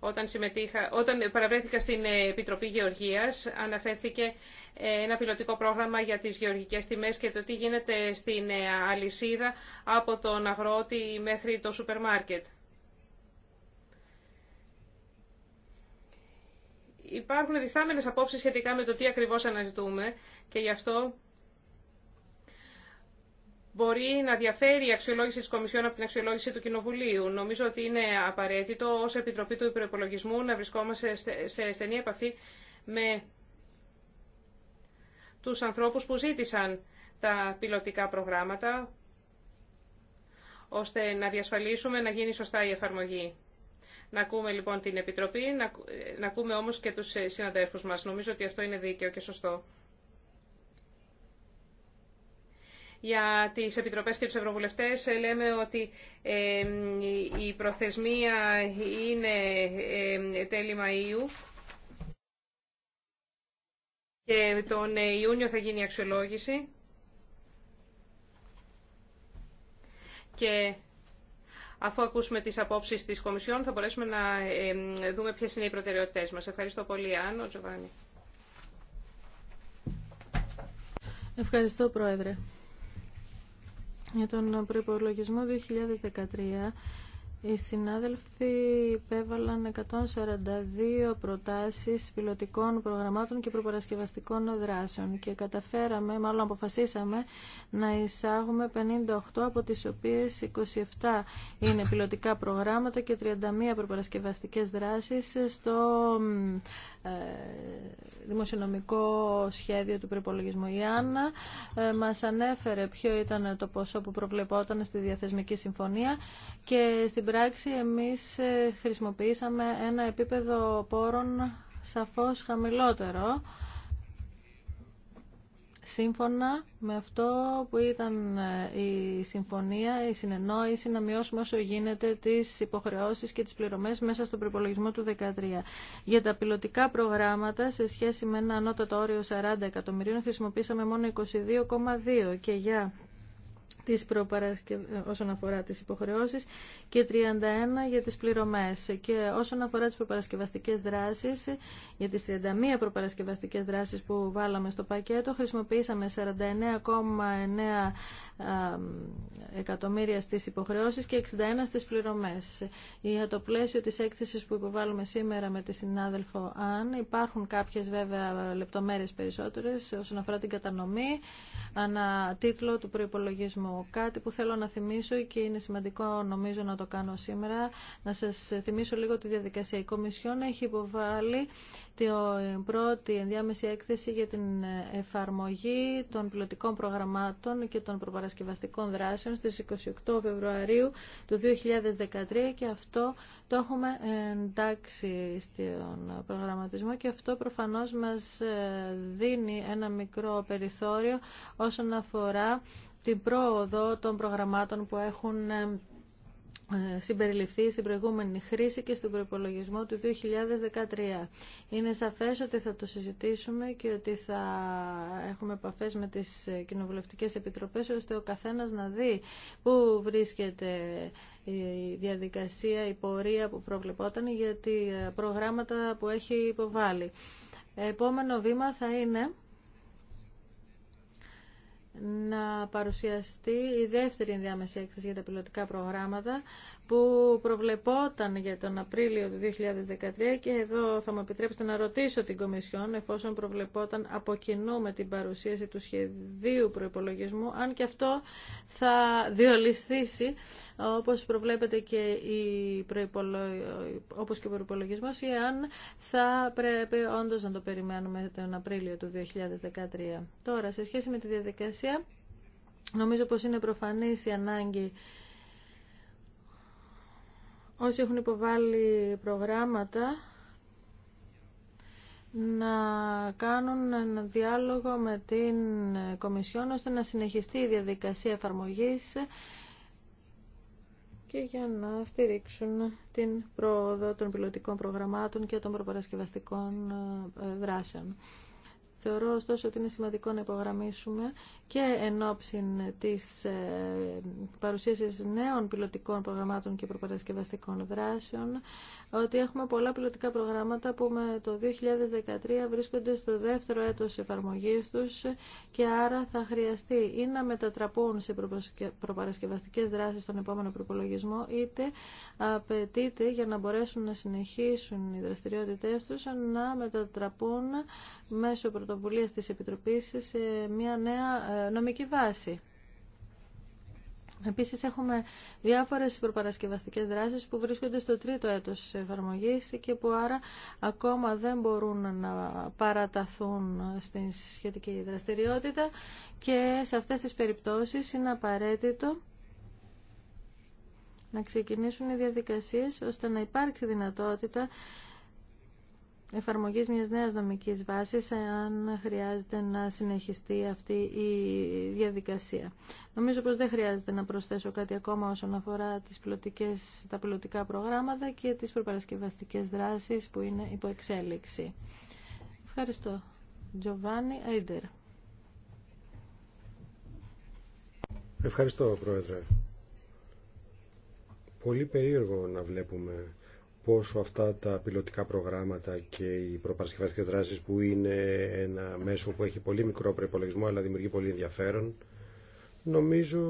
Όταν, συμμετείχα, όταν παραβρέθηκα στην ε, Επιτροπή Γεωργίας, αναφέρθηκε ε, ένα πιλωτικό πρόγραμμα για τις γεωργικές τιμές και το τι γίνεται στην ε, αλυσίδα από τον αγρότη μέχρι το σούπερ μάρκετ. Υπάρχουν διστάμενες απόψεις σχετικά με το τι ακριβώς αναζητούμε και γι' αυτό μπορεί να διαφέρει η αξιολόγηση της Κομισιόν από την αξιολόγηση του Κοινοβουλίου. Νομίζω ότι είναι απαραίτητο ω Επιτροπή του Υπεροπολογισμού να βρισκόμαστε σε στενή επαφή με τους ανθρώπους που ζήτησαν τα πιλωτικά προγράμματα, ώστε να διασφαλίσουμε να γίνει σωστά η εφαρμογή. Να ακούμε λοιπόν την Επιτροπή, να, ακούμε όμως και τους συναδέλφους μας. Νομίζω ότι αυτό είναι δίκαιο και σωστό. για τις επιτροπές και τους ευρωβουλευτές ε, λέμε ότι η προθεσμία είναι τέλη Μαΐου και τον ε, Ιούνιο θα γίνει η αξιολόγηση. Και αφού ακούσουμε τις απόψεις της Κομισιόν θα μπορέσουμε να δούμε ποιες είναι οι προτεραιότητές μας. Ευχαριστώ πολύ, Άννο Τζοβάνι. Ευχαριστώ, Πρόεδρε για τον προπολογισμό 2013 οι συνάδελφοι υπέβαλαν 142 προτάσεις πιλωτικών προγραμμάτων και προπαρασκευαστικών δράσεων και καταφέραμε, μάλλον αποφασίσαμε, να εισάγουμε 58 από τις οποίες 27 είναι πιλωτικά προγράμματα και 31 προπαρασκευαστικές δράσεις στο ε, δημοσιονομικό σχέδιο του προπολογισμού. Η Άννα ε, μας ανέφερε ποιο ήταν το ποσό που προβλεπόταν στη Διαθεσμική Συμφωνία και στην πράξη εμείς ε, χρησιμοποιήσαμε ένα επίπεδο πόρων σαφώς χαμηλότερο σύμφωνα με αυτό που ήταν ε, η συμφωνία, η συνεννόηση να μειώσουμε όσο γίνεται τις υποχρεώσεις και τις πληρωμές μέσα στον προπολογισμό του 2013. Για τα πιλωτικά προγράμματα σε σχέση με ένα ανώτατο όριο 40 εκατομμυρίων χρησιμοποίησαμε μόνο 22,2 και για τις ε, όσον αφορά τις υποχρεώσεις και 31 για τις πληρωμές. Και όσον αφορά τις προπαρασκευαστικές δράσεις, για τις 31 προπαρασκευαστικές δράσεις που βάλαμε στο πακέτο, χρησιμοποιήσαμε 49,9 εκατομμύρια στις υποχρεώσεις και 61 στις πληρωμές. Για το πλαίσιο της έκθεσης που υποβάλλουμε σήμερα με τη συνάδελφο Αν, υπάρχουν κάποιες βέβαια λεπτομέρειες περισσότερες όσον αφορά την κατανομή ανά τίτλο του προϋπολογισμού Κάτι που θέλω να θυμίσω και είναι σημαντικό νομίζω να το κάνω σήμερα. Να σας θυμίσω λίγο τη διαδικασία. Η Κομισιόν έχει υποβάλει την πρώτη ενδιάμεση έκθεση για την εφαρμογή των πιλωτικών προγραμμάτων και των προπαρασκευαστικών δράσεων στις 28 Φεβρουαρίου του 2013 και αυτό το έχουμε εντάξει στον προγραμματισμό και αυτό προφανώς μας ε, δίνει ένα μικρό περιθώριο όσον αφορά την πρόοδο των προγραμμάτων που έχουν ε, ε, συμπεριληφθεί στην προηγούμενη χρήση και στον προϋπολογισμό του 2013. Είναι σαφές ότι θα το συζητήσουμε και ότι θα έχουμε επαφές με τις κοινοβουλευτικές επιτροπές ώστε ο καθένας να δει πού βρίσκεται η διαδικασία, η πορεία που προβλεπόταν για τα προγράμματα που έχει υποβάλει. Επόμενο βήμα θα είναι να παρουσιαστεί η δεύτερη ενδιάμεση έκθεση για τα πιλωτικά προγράμματα που προβλεπόταν για τον Απρίλιο του 2013 και εδώ θα μου επιτρέψετε να ρωτήσω την Κομισιόν εφόσον προβλεπόταν από κοινού με την παρουσίαση του σχεδίου προϋπολογισμού αν και αυτό θα διολυστήσει όπως προβλέπεται και η προϋπολο... όπως και ο προϋπολογισμός ή αν θα πρέπει όντως να το περιμένουμε τον Απρίλιο του 2013. Τώρα, σε σχέση με τη διαδικασία, νομίζω πως είναι προφανής η ανάγκη όσοι έχουν υποβάλει προγράμματα να κάνουν ένα διάλογο με την Κομισιόν ώστε να συνεχιστεί η διαδικασία εφαρμογής και για να στηρίξουν την πρόοδο των πιλωτικών προγραμμάτων και των προπαρασκευαστικών ε, δράσεων. Θεωρώ ωστόσο ότι είναι σημαντικό να υπογραμμίσουμε και εν ώψη της ε, παρουσίασης νέων πιλωτικών προγραμμάτων και προπαρασκευαστικών δράσεων ότι έχουμε πολλά πιλωτικά προγράμματα που με το 2013 βρίσκονται στο δεύτερο έτος εφαρμογής τους και άρα θα χρειαστεί ή να μετατραπούν σε προπαρασκευαστικές δράσεις στον επόμενο προπολογισμό είτε απαιτείται για να μπορέσουν να συνεχίσουν οι δραστηριότητές τους να μετατραπούν μέσω πρωτοβουλία πρωτοβουλίας της Επιτροπής σε μια νέα ε, νομική βάση. Επίσης έχουμε διάφορες προπαρασκευαστικές δράσεις που βρίσκονται στο τρίτο έτος εφαρμογής και που άρα ακόμα δεν μπορούν να παραταθούν στην σχετική δραστηριότητα και σε αυτές τις περιπτώσεις είναι απαραίτητο να ξεκινήσουν οι διαδικασίες ώστε να υπάρξει δυνατότητα εφαρμογής μιας νέας νομικής βάσης αν χρειάζεται να συνεχιστεί αυτή η διαδικασία. Νομίζω πως δεν χρειάζεται να προσθέσω κάτι ακόμα όσον αφορά τις πιλωτικές, τα πιλωτικά προγράμματα και τις προπαρασκευαστικές δράσεις που είναι υπό εξέλιξη. Ευχαριστώ. Τζοβάνι Αίντερ. Ευχαριστώ, Πρόεδρε. Πολύ περίεργο να βλέπουμε πόσο αυτά τα πιλωτικά προγράμματα και οι προπαρασκευαστικές δράσει που είναι ένα μέσο που έχει πολύ μικρό προπολογισμό αλλά δημιουργεί πολύ ενδιαφέρον νομίζω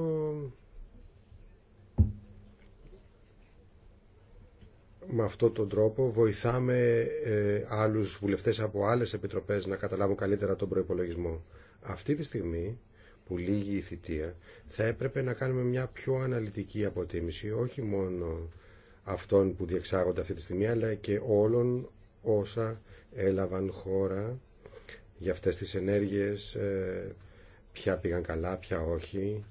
με αυτόν τον τρόπο βοηθάμε ε, άλλους βουλευτές από άλλες επιτροπές να καταλάβουν καλύτερα τον προϋπολογισμό. Αυτή τη στιγμή που λύγει η θητεία θα έπρεπε να κάνουμε μια πιο αναλυτική αποτίμηση όχι μόνο αυτών που διεξάγονται αυτή τη στιγμή αλλά και όλων όσα έλαβαν χώρα για αυτές τις ενέργειες ε, ποια πήγαν καλά, ποια όχι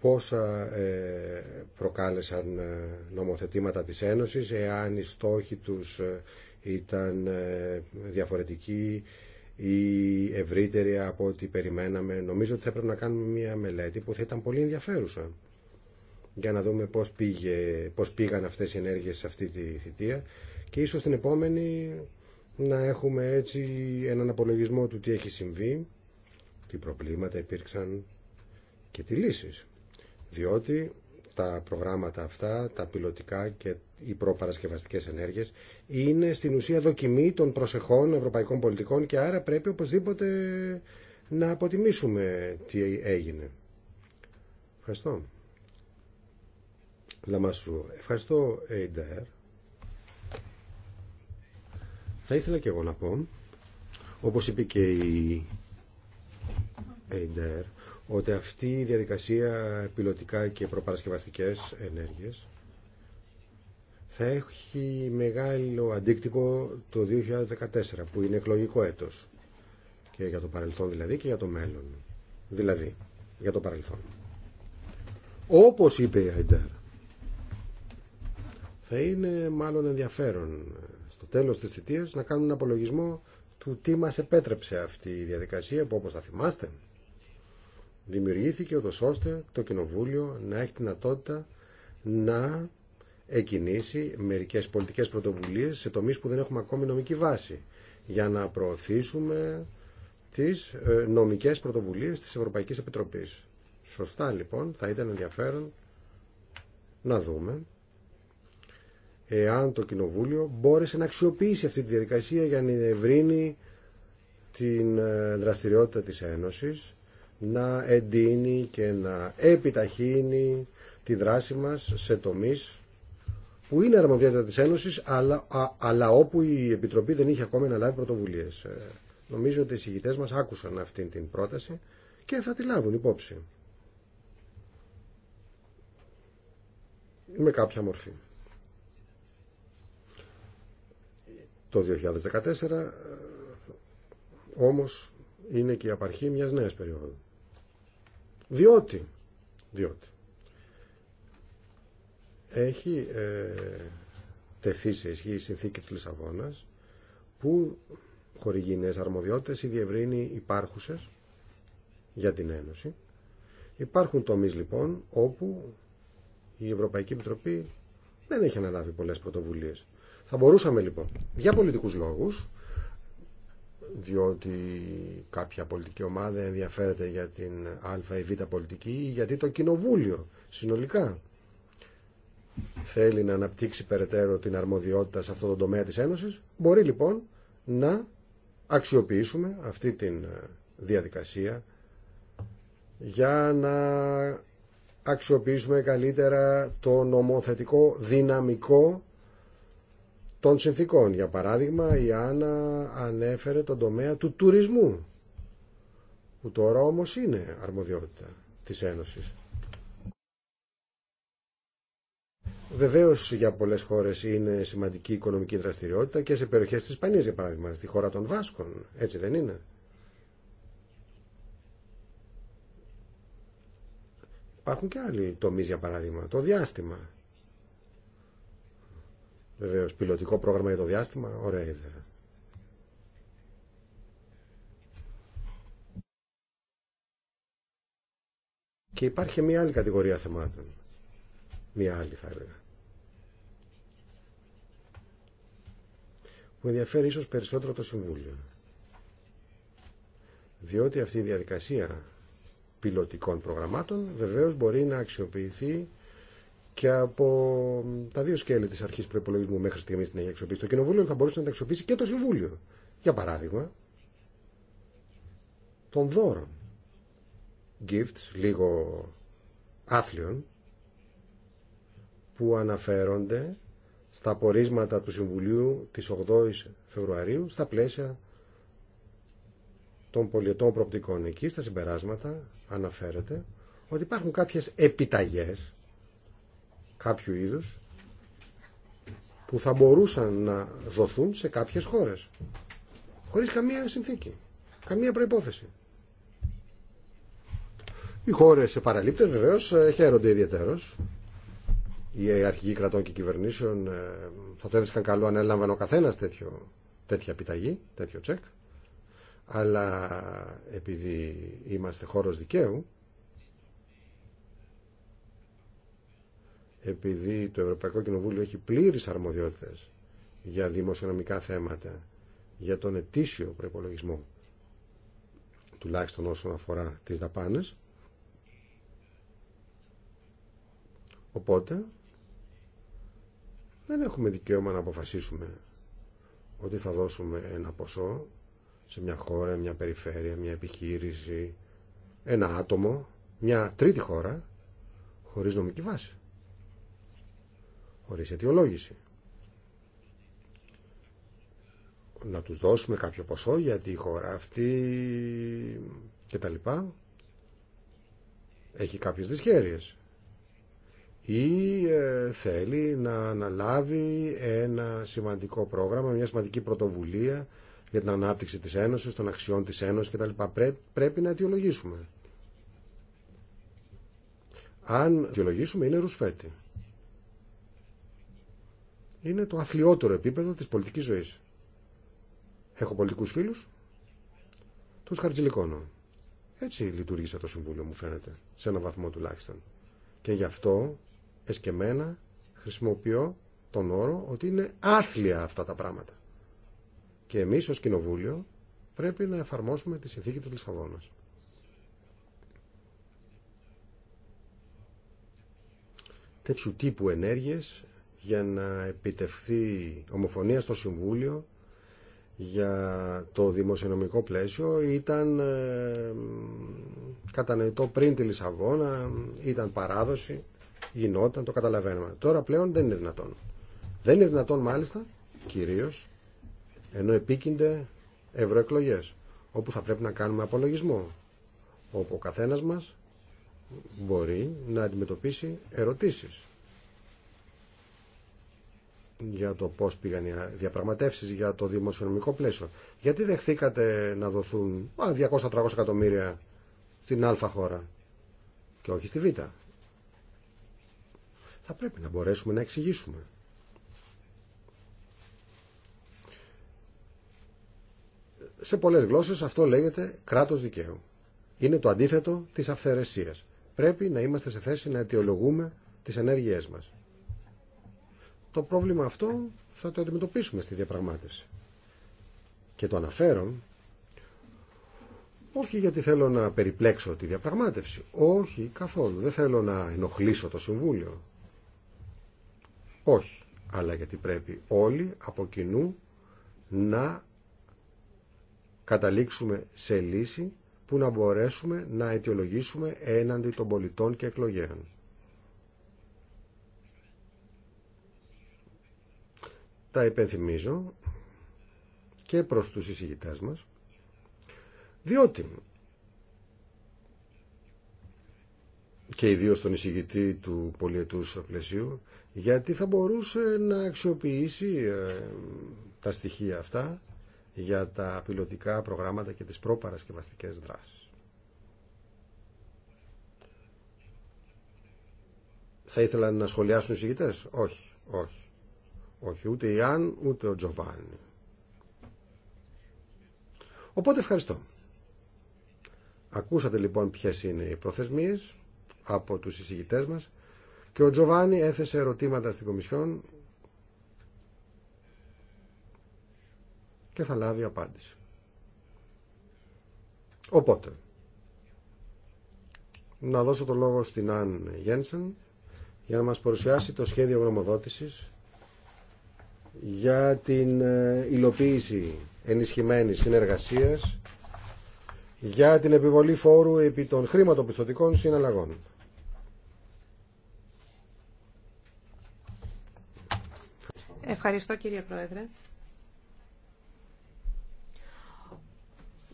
πόσα ε, προκάλεσαν ε, νομοθετήματα της Ένωσης εάν οι στόχοι τους ήταν διαφορετικοί ή ευρύτεροι από ό,τι περιμέναμε. Νομίζω ότι θα έπρεπε να κάνουμε μια μελέτη που θα ήταν πολύ ενδιαφέρουσα για να δούμε πώς, πήγε, πώς πήγαν αυτές οι ενέργειες σε αυτή τη θητεία και ίσως την επόμενη να έχουμε έτσι έναν απολογισμό του τι έχει συμβεί, τι προβλήματα υπήρξαν και τι λύσεις. Διότι τα προγράμματα αυτά, τα πιλωτικά και οι προπαρασκευαστικές ενέργειες είναι στην ουσία δοκιμή των προσεχών ευρωπαϊκών πολιτικών και άρα πρέπει οπωσδήποτε να αποτιμήσουμε τι έγινε. Ευχαριστώ. Λαμασού. Ευχαριστώ, Ειντερ. Θα ήθελα και εγώ να πω, όπως είπε και η Ειντερ, ότι αυτή η διαδικασία πιλωτικά και προπαρασκευαστικές ενέργειες θα έχει μεγάλο αντίκτυπο το 2014 που είναι εκλογικό έτος και για το παρελθόν δηλαδή και για το μέλλον δηλαδή για το παρελθόν όπως είπε η Ειντερ, θα είναι μάλλον ενδιαφέρον στο τέλος της θητείας να κάνουν απολογισμό του τι μας επέτρεψε αυτή η διαδικασία που όπως θα θυμάστε δημιουργήθηκε ούτως ώστε το Κοινοβούλιο να έχει δυνατότητα να εκκινήσει μερικές πολιτικές πρωτοβουλίες σε τομείς που δεν έχουμε ακόμη νομική βάση για να προωθήσουμε τις ε, νομικές πρωτοβουλίες τη Ευρωπαϊκής Επιτροπής. Σωστά λοιπόν θα ήταν ενδιαφέρον να δούμε εάν το Κοινοβούλιο μπόρεσε να αξιοποιήσει αυτή τη διαδικασία για να ευρύνει την ε, δραστηριότητα της Ένωσης, να εντείνει και να επιταχύνει τη δράση μας σε τομείς που είναι αρμοδιότητα της Ένωσης, αλλά, αλλά όπου η Επιτροπή δεν είχε ακόμα να λάβει πρωτοβουλίες. Ε, νομίζω ότι οι συγητές μας άκουσαν αυτή την πρόταση και θα τη λάβουν υπόψη. Με κάποια μορφή. Το 2014 ε, όμως είναι και η απαρχή μιας νέας περίοδου. Διότι, διότι έχει ε, τεθεί σε ισχύ η συνθήκη της Λισαβόνας που χορηγεί νέες αρμοδιότητες ή διευρύνει υπάρχουσες για την Ένωση. Υπάρχουν τομείς λοιπόν όπου η Ευρωπαϊκή Επιτροπή δεν έχει αναλάβει πολλές πρωτοβουλίες. Θα μπορούσαμε λοιπόν, για πολιτικούς λόγους, διότι κάποια πολιτική ομάδα ενδιαφέρεται για την α ή β πολιτική ή γιατί το κοινοβούλιο συνολικά θέλει να αναπτύξει περαιτέρω την αρμοδιότητα σε αυτό το τομέα της Ένωσης, μπορεί λοιπόν να αξιοποιήσουμε αυτή την ε, διαδικασία για να αξιοποιήσουμε καλύτερα το νομοθετικό δυναμικό των συνθήκων. Για παράδειγμα, η Άννα ανέφερε τον τομέα του τουρισμού, που τώρα όμως είναι αρμοδιότητα της Ένωσης. Βεβαίως, για πολλές χώρες είναι σημαντική οικονομική δραστηριότητα και σε περιοχές της Ισπανίας, για παράδειγμα, στη χώρα των Βάσκων. Έτσι δεν είναι. Υπάρχουν και άλλοι τομείς, για παράδειγμα, το διάστημα. Βεβαίω, πιλωτικό πρόγραμμα για το διάστημα, ωραία ιδέα. Και υπάρχει μια άλλη κατηγορία θεμάτων. Μια άλλη θα έλεγα. Που ενδιαφέρει ίσως περισσότερο το Συμβούλιο. Διότι αυτή η διαδικασία πιλωτικών προγραμμάτων βεβαίως μπορεί να αξιοποιηθεί και από τα δύο σκέλη τη αρχή προπολογισμού μέχρι στιγμή την έχει αξιοποιήσει. Το Κοινοβούλιο θα μπορούσε να τα αξιοποιήσει και το Συμβούλιο. Για παράδειγμα, των δώρων. Gifts, λίγο άθλιων, που αναφέρονται στα πορίσματα του Συμβουλίου της 8ης Φεβρουαρίου στα πλαίσια των πολιτών προοπτικών εκεί, στα συμπεράσματα αναφέρεται ότι υπάρχουν κάποιες επιταγές κάποιου είδους που θα μπορούσαν να ζωθούν σε κάποιες χώρες χωρίς καμία συνθήκη, καμία προϋπόθεση. Οι χώρες παραλήπτες βεβαίως ε, χαίρονται ιδιαίτερως. Οι αρχηγοί κρατών και κυβερνήσεων ε, θα το έβρισκαν καλό αν έλαβαν ο καθένας τέτοιο, τέτοια επιταγή, τέτοιο τσεκ. Αλλά επειδή είμαστε χώρος δικαίου, επειδή το Ευρωπαϊκό Κοινοβούλιο έχει πλήρε αρμοδιότητε για δημοσιονομικά θέματα, για τον ετήσιο προπολογισμό, τουλάχιστον όσον αφορά τις δαπάνες. Οπότε, δεν έχουμε δικαίωμα να αποφασίσουμε ότι θα δώσουμε ένα ποσό σε μια χώρα, μια περιφέρεια, μια επιχείρηση, ένα άτομο, μια τρίτη χώρα, χωρίς νομική βάση χωρίς αιτιολόγηση. Να τους δώσουμε κάποιο ποσό γιατί η χώρα αυτή και τα λοιπά έχει κάποιες δυσχέρειες ή ε, θέλει να αναλάβει ένα σημαντικό πρόγραμμα, μια σημαντική πρωτοβουλία για την ανάπτυξη της Ένωσης, των αξιών της Ένωσης τα Πρέ, πρέπει να αιτιολογήσουμε. Αν αιτιολογήσουμε είναι ρουσφέτη είναι το αθλιότερο επίπεδο της πολιτικής ζωής. Έχω πολιτικούς φίλους, τους χαρτζηλικώνω. Έτσι λειτουργήσε το Συμβούλιο, μου φαίνεται, σε έναν βαθμό τουλάχιστον. Και γι' αυτό, εσκεμένα, χρησιμοποιώ τον όρο ότι είναι άθλια αυτά τα πράγματα. Και εμείς ως Κοινοβούλιο πρέπει να εφαρμόσουμε τη συνθήκη της Λισαβόνας. Τέτοιου τύπου ενέργειες για να επιτευχθεί ομοφωνία στο Συμβούλιο για το δημοσιονομικό πλαίσιο ήταν ε, κατανοητό πριν τη Λισαβόνα, ήταν παράδοση, γινόταν, το καταλαβαίνουμε. Τώρα πλέον δεν είναι δυνατόν. Δεν είναι δυνατόν μάλιστα, κυρίως, ενώ επίκυνται ευρωεκλογέ, όπου θα πρέπει να κάνουμε απολογισμό, όπου ο καθένας μας μπορεί να αντιμετωπίσει ερωτήσεις για το πώς πήγαν οι διαπραγματεύσεις για το δημοσιονομικό πλαίσιο. Γιατί δεχθήκατε να δοθούν 200-300 εκατομμύρια στην Α χώρα και όχι στη Β. Θα πρέπει να μπορέσουμε να εξηγήσουμε. Σε πολλές γλώσσες αυτό λέγεται κράτος δικαίου. Είναι το αντίθετο της αυθαιρεσίας. Πρέπει να είμαστε σε θέση να αιτιολογούμε τις ενέργειές μας. Το πρόβλημα αυτό θα το αντιμετωπίσουμε στη διαπραγμάτευση. Και το αναφέρω όχι γιατί θέλω να περιπλέξω τη διαπραγμάτευση. Όχι καθόλου. Δεν θέλω να ενοχλήσω το Συμβούλιο. Όχι. Αλλά γιατί πρέπει όλοι από κοινού να καταλήξουμε σε λύση που να μπορέσουμε να αιτιολογήσουμε έναντι των πολιτών και εκλογέων. Τα υπενθυμίζω και προς τους εισηγητές μας, διότι και ιδίω τον εισηγητή του πολιετού πλαισίου, γιατί θα μπορούσε να αξιοποιήσει ε, τα στοιχεία αυτά για τα πιλωτικά προγράμματα και τις προπαρασκευαστικές δράσεις. Θα ήθελα να σχολιάσουν οι Όχι, όχι. Όχι, ούτε η Άν, ούτε ο Τζοβάνι. Οπότε ευχαριστώ. Ακούσατε λοιπόν ποιες είναι οι προθεσμίες από τους εισηγητές μας και ο Τζοβάνι έθεσε ερωτήματα στην Κομισιόν και θα λάβει απάντηση. Οπότε, να δώσω το λόγο στην Αν Γένσεν για να μας παρουσιάσει το σχέδιο γνωμοδότησης για την ε, υλοποίηση ενισχυμένης συνεργασίας για την επιβολή φόρου επί των χρηματοπιστωτικών συναλλαγών. Ευχαριστώ κύριε Πρόεδρε.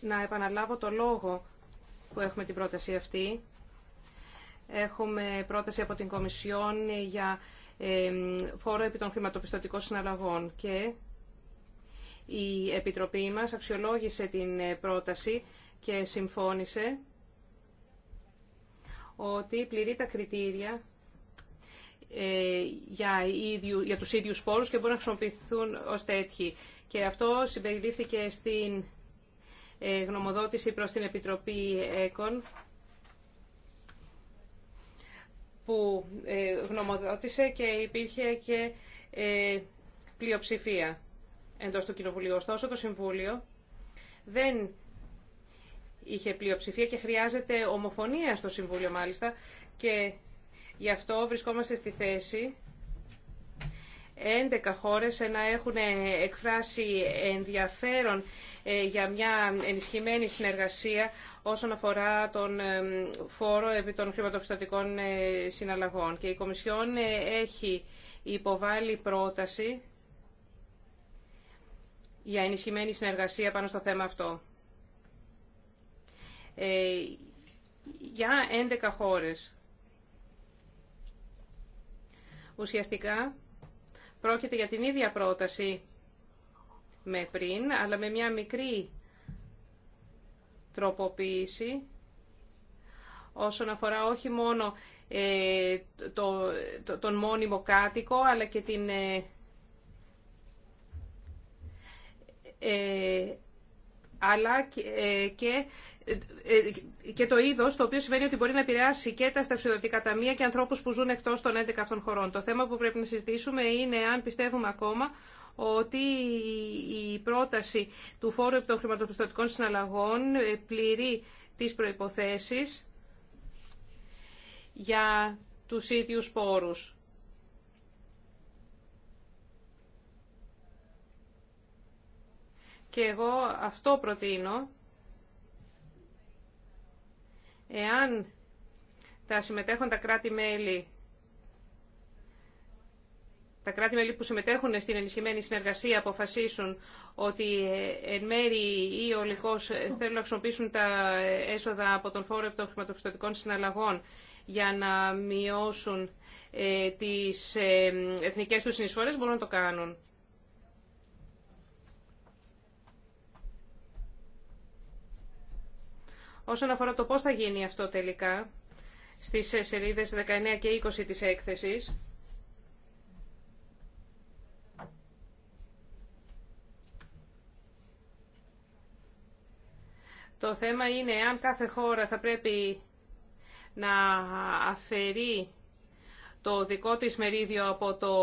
Να επαναλάβω το λόγο που έχουμε την πρόταση αυτή. Έχουμε πρόταση από την Κομισιόν για φόρο επί των χρηματοπιστωτικών συναλλαγών. Και η Επιτροπή μας αξιολόγησε την ε, πρόταση και συμφώνησε ότι πληρεί τα κριτήρια ε, για, ίδιου, για τους ίδιους πόρους και μπορούν να χρησιμοποιηθούν ως τέτοιοι. Και αυτό συμπεριλήφθηκε στην ε, γνωμοδότηση προς την Επιτροπή ΕΚΟΝ που ε, γνωμοδότησε και υπήρχε και ε, πλειοψηφία εντός του Κοινοβουλίου. Ωστόσο, το Συμβούλιο δεν είχε πλειοψηφία και χρειάζεται ομοφωνία στο Συμβούλιο μάλιστα και γι' αυτό βρισκόμαστε στη θέση 11 χώρες να έχουν εκφράσει ενδιαφέρον ε, για μια ενισχυμένη συνεργασία όσον αφορά τον ε, φόρο επί των χρηματοπιστωτικών ε, συναλλαγών. Και η Κομισιόν έχει υποβάλει πρόταση για ενισχυμένη συνεργασία πάνω στο θέμα αυτό. για 11 χώρες. Ουσιαστικά, Πρόκειται για την ίδια πρόταση με πριν, αλλά με μια μικρή τροποποίηση όσον αφορά όχι μόνο ε, το, τον μόνιμο κάτοικο, αλλά και την ε, ε, αλλά και, ε, ε, και το είδο, το οποίο σημαίνει ότι μπορεί να επηρεάσει και τα σταξιδοτικά ταμεία και ανθρώπου που ζουν εκτό των 11 αυτών χωρών. Το θέμα που πρέπει να συζητήσουμε είναι αν πιστεύουμε ακόμα ότι η πρόταση του φόρου επί των χρηματοπιστωτικών συναλλαγών ε, πληρεί τις προϋποθέσεις για τους ίδιους πόρους. Και εγώ αυτό προτείνω. Εάν τα συμμετέχοντα κράτη-μέλη τα κράτη-μέλη που συμμετέχουν στην ενισχυμένη συνεργασία αποφασίσουν ότι ε, εν μέρη ή ολικώς ε, θέλουν να χρησιμοποιήσουν τα ε, έσοδα από τον φόρο των χρηματοπιστωτικών συναλλαγών για να μειώσουν τις εθνικές τους συνεισφορές, μπορούν να το κάνουν. Όσον αφορά το πώς θα γίνει αυτό τελικά, στις σελίδες 19 και 20 της έκθεσης, Το θέμα είναι αν κάθε χώρα θα πρέπει να αφαιρεί το δικό της μερίδιο από το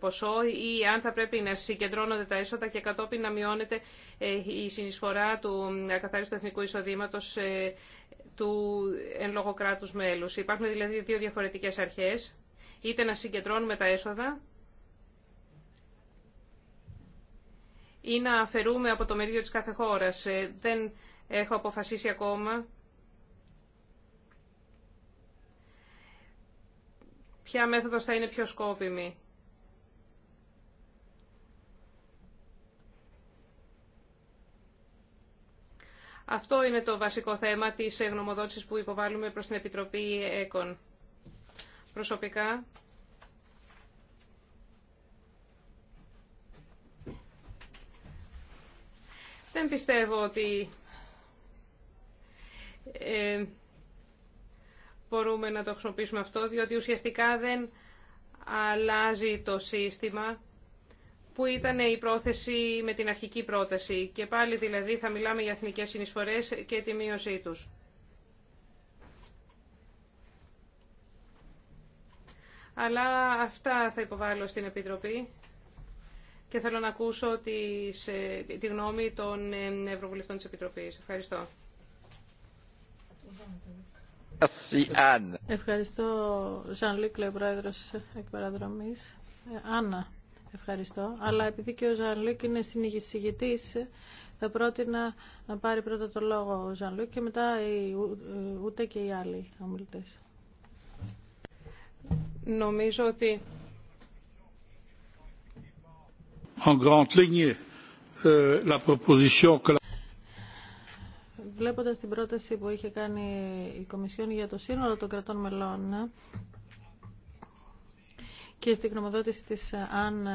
ποσό ή αν θα πρέπει να συγκεντρώνονται τα έσοδα και κατόπιν να μειώνεται ε, η συνεισφορά του ακαθαρίστου εθνικού εισοδήματος ε, του εν λόγω κράτους μέλους. Υπάρχουν δηλαδή δύο διαφορετικές αρχές, είτε να συγκεντρώνουμε τα έσοδα ή να αφαιρούμε από το μερίδιο της κάθε χώρας. Ε, δεν έχω αποφασίσει ακόμα ποια μέθοδος θα είναι πιο σκόπιμη. Αυτό είναι το βασικό θέμα της γνωμοδότησης που υποβάλλουμε προς την Επιτροπή ΕΚΟΝ. Προσωπικά, δεν πιστεύω ότι ε, μπορούμε να το χρησιμοποιήσουμε αυτό, διότι ουσιαστικά δεν αλλάζει το σύστημα που ήταν η πρόθεση με την αρχική πρόταση. Και πάλι δηλαδή θα μιλάμε για εθνικές συνεισφορές και τη μείωσή τους. Αλλά αυτά θα υποβάλω στην Επιτροπή και θέλω να ακούσω τις, ε, τη γνώμη των ε, Ευρωβουλευτών της Επιτροπής. Ευχαριστώ. Ευχαριστώ, Ζαν ο πρόεδρο εκ παραδρομή. Ε, Άννα, ευχαριστώ. Αλλά επειδή και ο Ζαν είναι συνηγητή, θα πρότεινα να πάρει πρώτα το λόγο ο Ζαν και μετά ούτε και οι άλλοι ομιλητέ. Νομίζω ότι. En grande ligne, euh, la proposition que la... Βλέποντα την πρόταση που είχε κάνει η Κομισιόν για το σύνολο των κρατών μελών και στην γνωμοδότηση της αν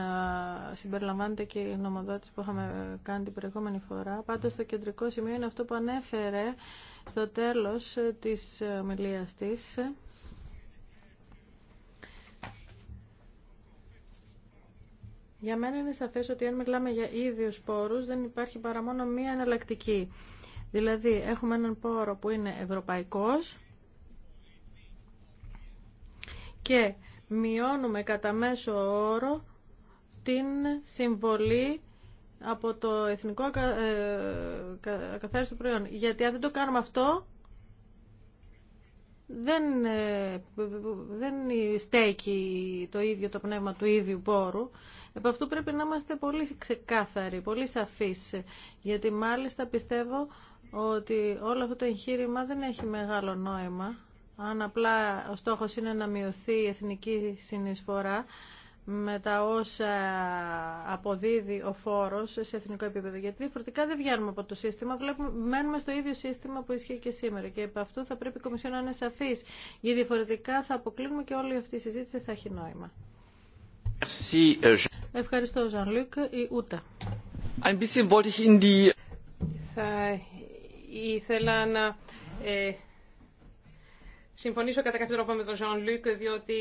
συμπεριλαμβάνεται και η γνωμοδότηση που είχαμε κάνει την προηγούμενη φορά. Πάντως το κεντρικό σημείο είναι αυτό που ανέφερε στο τέλος της ομιλία τη. Για μένα είναι σαφές ότι αν μιλάμε για ίδιους πόρους δεν υπάρχει παρά μόνο μία εναλλακτική. Δηλαδή έχουμε έναν πόρο που είναι ευρωπαϊκός και μειώνουμε κατά μέσο όρο την συμβολή από το εθνικό ε, καθαρίστο προϊόν. Γιατί αν δεν το κάνουμε αυτό, δεν, ε, δεν στέκει το ίδιο το πνεύμα του ίδιου πόρου. Επ' αυτού πρέπει να είμαστε πολύ ξεκάθαροι, πολύ σαφείς, γιατί μάλιστα πιστεύω ότι όλο αυτό το εγχείρημα δεν έχει μεγάλο νόημα αν απλά ο στόχος είναι να μειωθεί η εθνική συνεισφορά με τα όσα αποδίδει ο φόρος σε εθνικό επίπεδο. Γιατί διαφορετικά δεν βγαίνουμε από το σύστημα, μένουμε στο ίδιο σύστημα που ισχύει και σήμερα. Και από αυτό θα πρέπει η Κομισιόν να είναι σαφής. Γιατί διαφορετικά θα αποκλίνουμε και όλη αυτή η συζήτηση θα έχει νόημα. Ε, Ευχαριστώ, Ζανλίκ. Η Ούτα. Θα Ήθελα να ε, συμφωνήσω κατά κάποιο τρόπο με τον Ζων Λουκ, διότι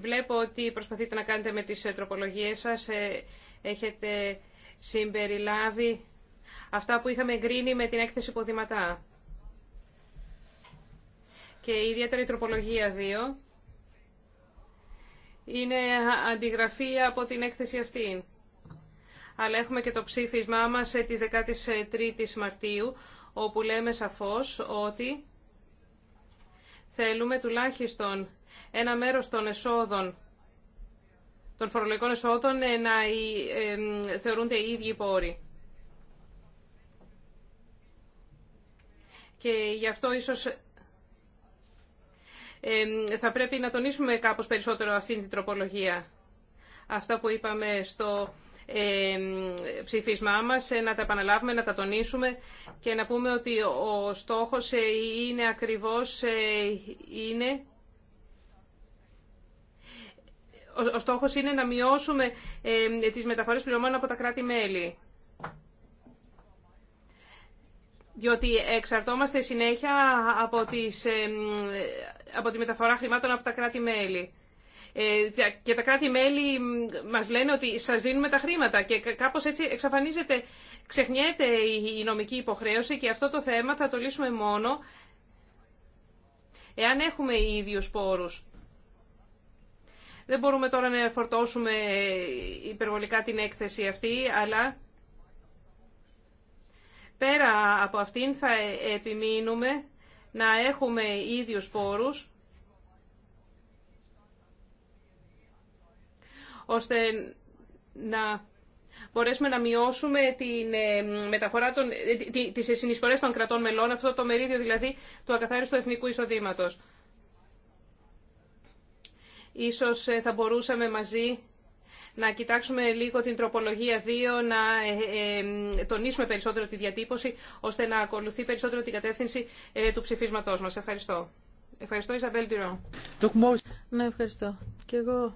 βλέπω ότι προσπαθείτε να κάνετε με τις ε, τροπολογίες σας. Ε, έχετε συμπεριλάβει αυτά που είχαμε εγκρίνει με την έκθεση Ποδηματά. Και η τροπολογία 2 είναι αντιγραφή από την έκθεση αυτή. Αλλά έχουμε και το ψήφισμά μας ε, της 13ης Μαρτίου, όπου λέμε σαφώς ότι θέλουμε τουλάχιστον ένα μέρος των εσόδων των φορολογικών εσόδων ε, να θεωρούνται οι ίδιοι πόροι. Και γι' αυτό ίσως θα πρέπει να τονίσουμε κάπως περισσότερο αυτήν την τροπολογία. Αυτά που είπαμε στο ψήφισμά μας, ε, να τα επαναλάβουμε, να τα τονίσουμε και να πούμε ότι ο στόχος ε, είναι ακριβώς ε, είναι ο στόχος είναι να μειώσουμε τις μεταφορές πληρωμών από τα κράτη-μέλη. Διότι εξαρτώμαστε συνέχεια από, τις, από τη μεταφορά χρημάτων από τα κράτη-μέλη. Ε, και τα κράτη-μέλη μας λένε ότι σας δίνουμε τα χρήματα και κάπως έτσι εξαφανίζεται, ξεχνιέται η νομική υποχρέωση και αυτό το θέμα θα το λύσουμε μόνο εάν έχουμε οι ίδιους πόρους. Δεν μπορούμε τώρα να φορτώσουμε ε, υπερβολικά την έκθεση αυτή, αλλά πέρα από αυτήν θα ε, επιμείνουμε να έχουμε ίδιους πόρους ώστε να μπορέσουμε να μειώσουμε την ε, μεταφορά των, ε, τις συνεισφορές των κρατών μελών, αυτό το μερίδιο δηλαδή του ακαθάριστου εθνικού εισοδήματος. Ίσως ε, θα μπορούσαμε μαζί να κοιτάξουμε λίγο την τροπολογία 2, να τονίσουμε περισσότερο τη διατύπωση, ώστε να ακολουθεί περισσότερο την κατεύθυνση του ψηφίσματός μας. Ευχαριστώ. Ευχαριστώ, Ισαβέλ Τυρό. Ναι, ευχαριστώ. Και εγώ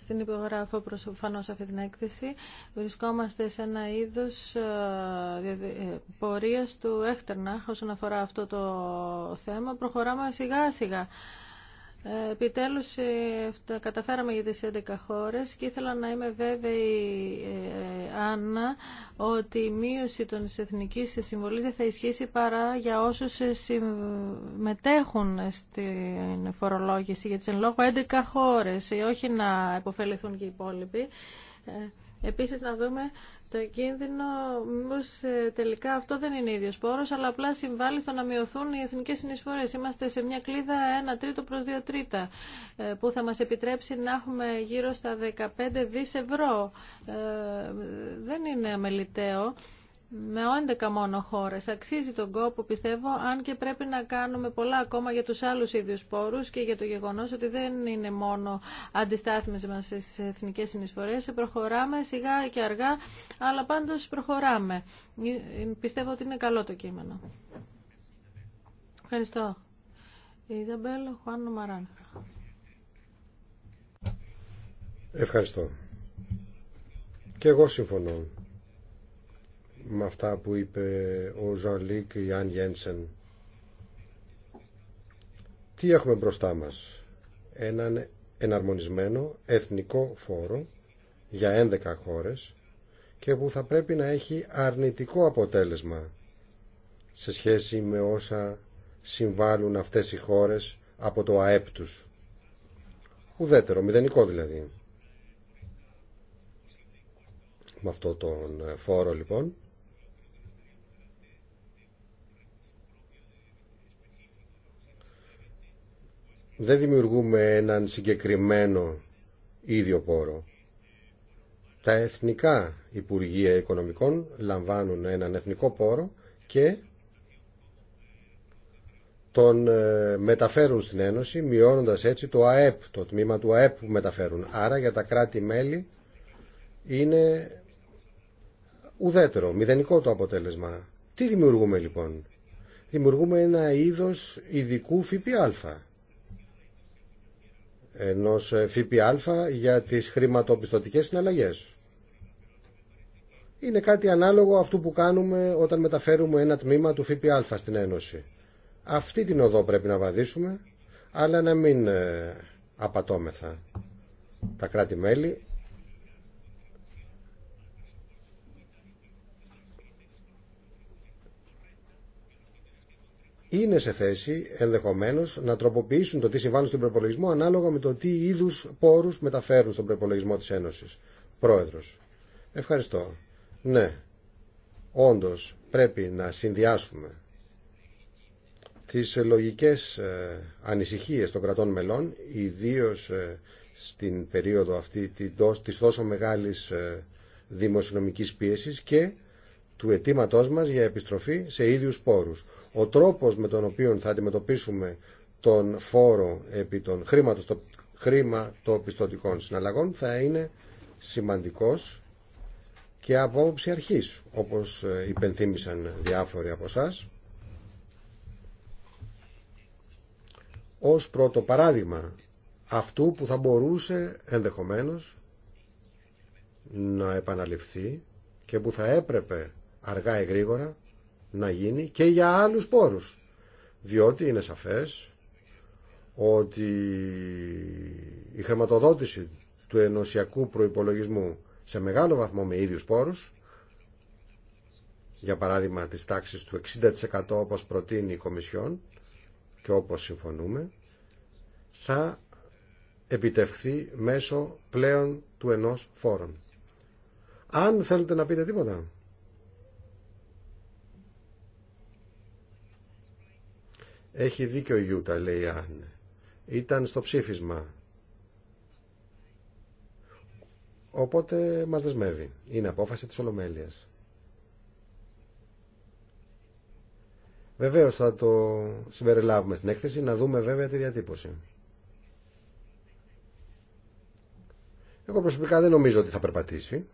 στην υπογράφω προφανώ αυτή την έκθεση. Βρισκόμαστε σε ένα είδος ε, ε, πορείας του έχτερνα όσον αφορά αυτό το θέμα. Προχωράμε σιγά σιγά Επιτέλους ε, καταφέραμε για τις 11 χώρες και ήθελα να είμαι βέβαιη, ε, ε, Άννα, ότι η μείωση των εθνικής συμβολής δεν θα ισχύσει παρά για όσους συμμετέχουν στην φορολόγηση για τις εν λόγω 11 χώρες, όχι να υποφεληθούν και οι υπόλοιποι. Επίσης να δούμε το κίνδυνο ε, τελικά αυτό δεν είναι ίδιο πόρο, αλλά απλά συμβάλλει στο να μειωθούν οι εθνικέ συνεισφορέ. Είμαστε σε μια κλίδα 1 τρίτο προ 2 τρίτα, ε, που θα μα επιτρέψει να έχουμε γύρω στα 15 δις ευρώ. Ε, δεν είναι αμεληταίο με 11 μόνο χώρε. Αξίζει τον κόπο, πιστεύω, αν και πρέπει να κάνουμε πολλά ακόμα για τους άλλους ίδιου πόρους και για το γεγονός ότι δεν είναι μόνο αντιστάθμιση μα στι εθνικέ συνεισφορέ. Προχωράμε σιγά και αργά, αλλά πάντως προχωράμε. Πιστεύω ότι είναι καλό το κείμενο. Ευχαριστώ. Ιζαμπέλ Χουάνο Ευχαριστώ. Και εγώ συμφωνώ με αυτά που είπε ο Ζαν Λίκ Ιάν Γένσεν. Τι έχουμε μπροστά μας. Έναν εναρμονισμένο εθνικό φόρο για 11 χώρες και που θα πρέπει να έχει αρνητικό αποτέλεσμα σε σχέση με όσα συμβάλλουν αυτές οι χώρες από το ΑΕΠ τους. Ουδέτερο, μηδενικό δηλαδή. Με αυτό τον φόρο λοιπόν δεν δημιουργούμε έναν συγκεκριμένο ίδιο πόρο. Τα εθνικά Υπουργεία Οικονομικών λαμβάνουν έναν εθνικό πόρο και τον ε, μεταφέρουν στην Ένωση, μειώνοντας έτσι το ΑΕΠ, το τμήμα του ΑΕΠ που μεταφέρουν. Άρα για τα κράτη-μέλη είναι ουδέτερο, μηδενικό το αποτέλεσμα. Τι δημιουργούμε λοιπόν. Δημιουργούμε ένα είδος ειδικού ΦΠΑ ενός ε, ΦΠΑ για τις χρηματοπιστωτικές συναλλαγές. Είναι κάτι ανάλογο αυτού που κάνουμε όταν μεταφέρουμε ένα τμήμα του ΦΠΑ στην Ένωση. Αυτή την οδό πρέπει να βαδίσουμε, αλλά να μην ε, απατώμεθα. Τα κράτη-μέλη είναι σε θέση ενδεχομένω να τροποποιήσουν το τι συμβάλλουν στον προπολογισμό ανάλογα με το τι είδου πόρου μεταφέρουν στον προπολογισμό της Ένωσης. Πρόεδρος. Ευχαριστώ. Ναι, όντως πρέπει να συνδυάσουμε τις λογικές ε, ανησυχίε των κρατών μελών, ιδίως ε, στην περίοδο αυτή τη τόσο μεγάλης ε, δημοσιονομική πίεση και του αιτήματό μας για επιστροφή σε ίδιου πόρους. Ο τρόπος με τον οποίο θα αντιμετωπίσουμε τον φόρο επί των χρηματοπιστωτικών συναλλαγών θα είναι σημαντικός και από άποψη αρχή, όπως ε, υπενθύμησαν διάφοροι από εσά. Ως πρώτο παράδειγμα αυτού που θα μπορούσε ενδεχομένως να επαναληφθεί και που θα έπρεπε αργά ή γρήγορα να γίνει και για άλλους πόρους. Διότι είναι σαφές ότι η χρηματοδότηση του ενωσιακού προϋπολογισμού σε μεγάλο βαθμό με ίδιους πόρους, για παράδειγμα της τάξης του 60% όπως προτείνει η Κομισιόν και όπως συμφωνούμε, θα επιτευχθεί μέσω πλέον του ενός φόρων. Αν θέλετε να πείτε τίποτα. Έχει δίκιο η Γιούτα, λέει η Άννε. Ήταν στο ψήφισμα. Οπότε μας δεσμεύει. Είναι απόφαση της Ολομέλειας. Βεβαίως θα το συμπεριλάβουμε στην έκθεση, να δούμε βέβαια τη διατύπωση. Εγώ προσωπικά δεν νομίζω ότι θα περπατήσει.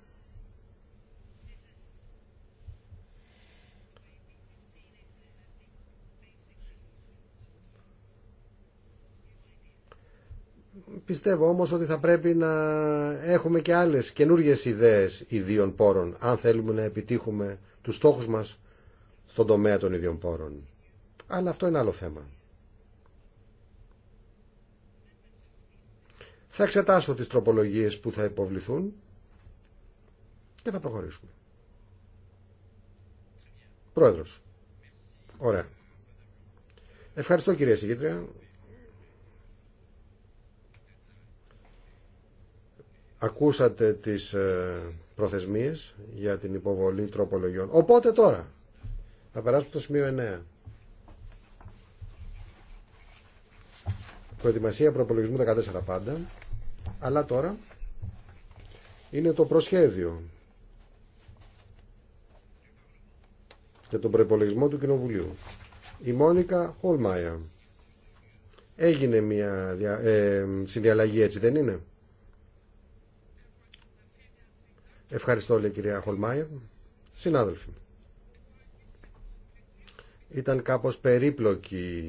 Πιστεύω όμως ότι θα πρέπει να έχουμε και άλλες καινούργιες ιδέες ιδίων πόρων, αν θέλουμε να επιτύχουμε τους στόχους μας στον τομέα των ίδιων πόρων. Αλλά αυτό είναι άλλο θέμα. Θα εξετάσω τις τροπολογίες που θα υποβληθούν και θα προχωρήσουμε. Πρόεδρος. Ωραία. Ευχαριστώ κυρία Συγκήτρια. Ακούσατε τις ε, προθεσμίες για την υποβολή τροπολογιών. Οπότε τώρα θα περάσουμε στο σημείο 9. Προετοιμασία προπολογισμού 14 πάντα. Αλλά τώρα είναι το προσχέδιο για τον προπολογισμό του Κοινοβουλίου. Η Μόνικα Χολμάια. Έγινε μια ε, συνδιαλλαγή έτσι δεν είναι. Ευχαριστώ, λέει η κυρία Χολμάιερ. Συνάδελφοι, ήταν κάπως περίπλοκη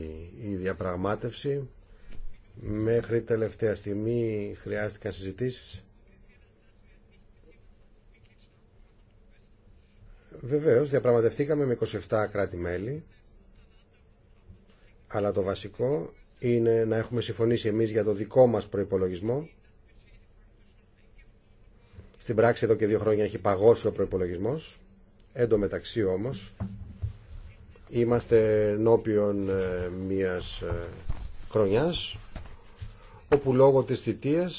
η διαπραγμάτευση. Μέχρι τελευταία στιγμή χρειάστηκαν συζητήσεις. Βεβαίως, διαπραγματευτήκαμε με 27 κράτη-μέλη, αλλά το βασικό είναι να έχουμε συμφωνήσει εμείς για το δικό μας προϋπολογισμό στην πράξη εδώ και δύο χρόνια έχει παγώσει ο προπολογισμό. Εν τω μεταξύ όμως είμαστε νόπιον ε, μιας ε, χρονιά, όπου λόγω της θητείας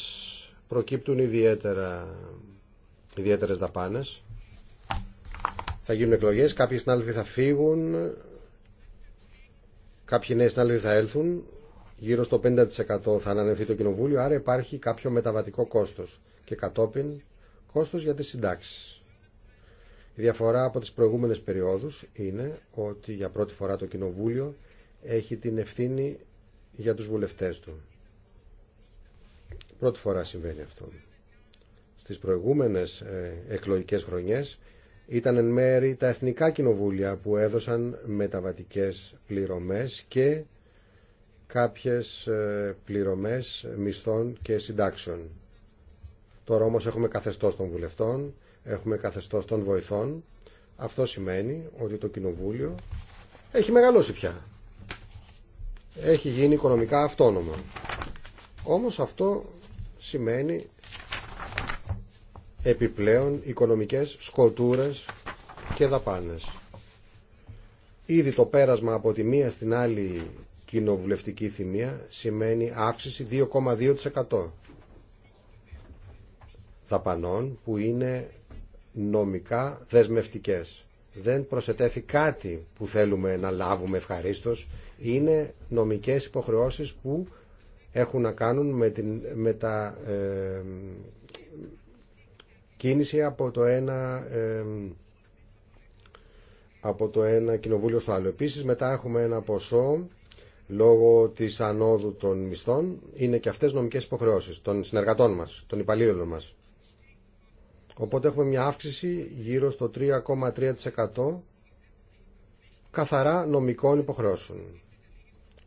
προκύπτουν ιδιαίτερα, ιδιαίτερες δαπάνες. Θα γίνουν εκλογές, κάποιοι συνάδελφοι θα φύγουν, κάποιοι νέοι συνάδελφοι θα έλθουν, γύρω στο 50% θα ανανεωθεί το κοινοβούλιο, άρα υπάρχει κάποιο μεταβατικό κόστος. Και κατόπιν Κόστος για τις συντάξεις. Η διαφορά από τις προηγούμενες περιόδους είναι ότι για πρώτη φορά το Κοινοβούλιο έχει την ευθύνη για τους βουλευτές του. Πρώτη φορά συμβαίνει αυτό. Στις προηγούμενες ε, εκλογικές χρονιές ήταν εν μέρη τα εθνικά κοινοβούλια που έδωσαν μεταβατικές πληρωμές και κάποιες ε, πληρωμές μισθών και συντάξεων. Τώρα όμως έχουμε καθεστώς των βουλευτών, έχουμε καθεστώς των βοηθών. Αυτό σημαίνει ότι το Κοινοβούλιο έχει μεγαλώσει πια. Έχει γίνει οικονομικά αυτόνομο. Όμως αυτό σημαίνει επιπλέον οικονομικές σκοτούρες και δαπάνες. Ήδη το πέρασμα από τη μία στην άλλη κοινοβουλευτική θυμία σημαίνει αύξηση 2,2% δαπανών που είναι νομικά δεσμευτικές. Δεν προσετέθη κάτι που θέλουμε να λάβουμε ευχαρίστως. Είναι νομικές υποχρεώσεις που έχουν να κάνουν με, την, με τα ε, κίνηση από το ένα... Ε, από το ένα κοινοβούλιο στο άλλο. Επίσης μετά έχουμε ένα ποσό λόγω της ανόδου των μισθών είναι και αυτές νομικές υποχρεώσεις των συνεργατών μας, των υπαλλήλων μας. Οπότε έχουμε μια αύξηση γύρω στο 3,3% καθαρά νομικών υποχρεώσεων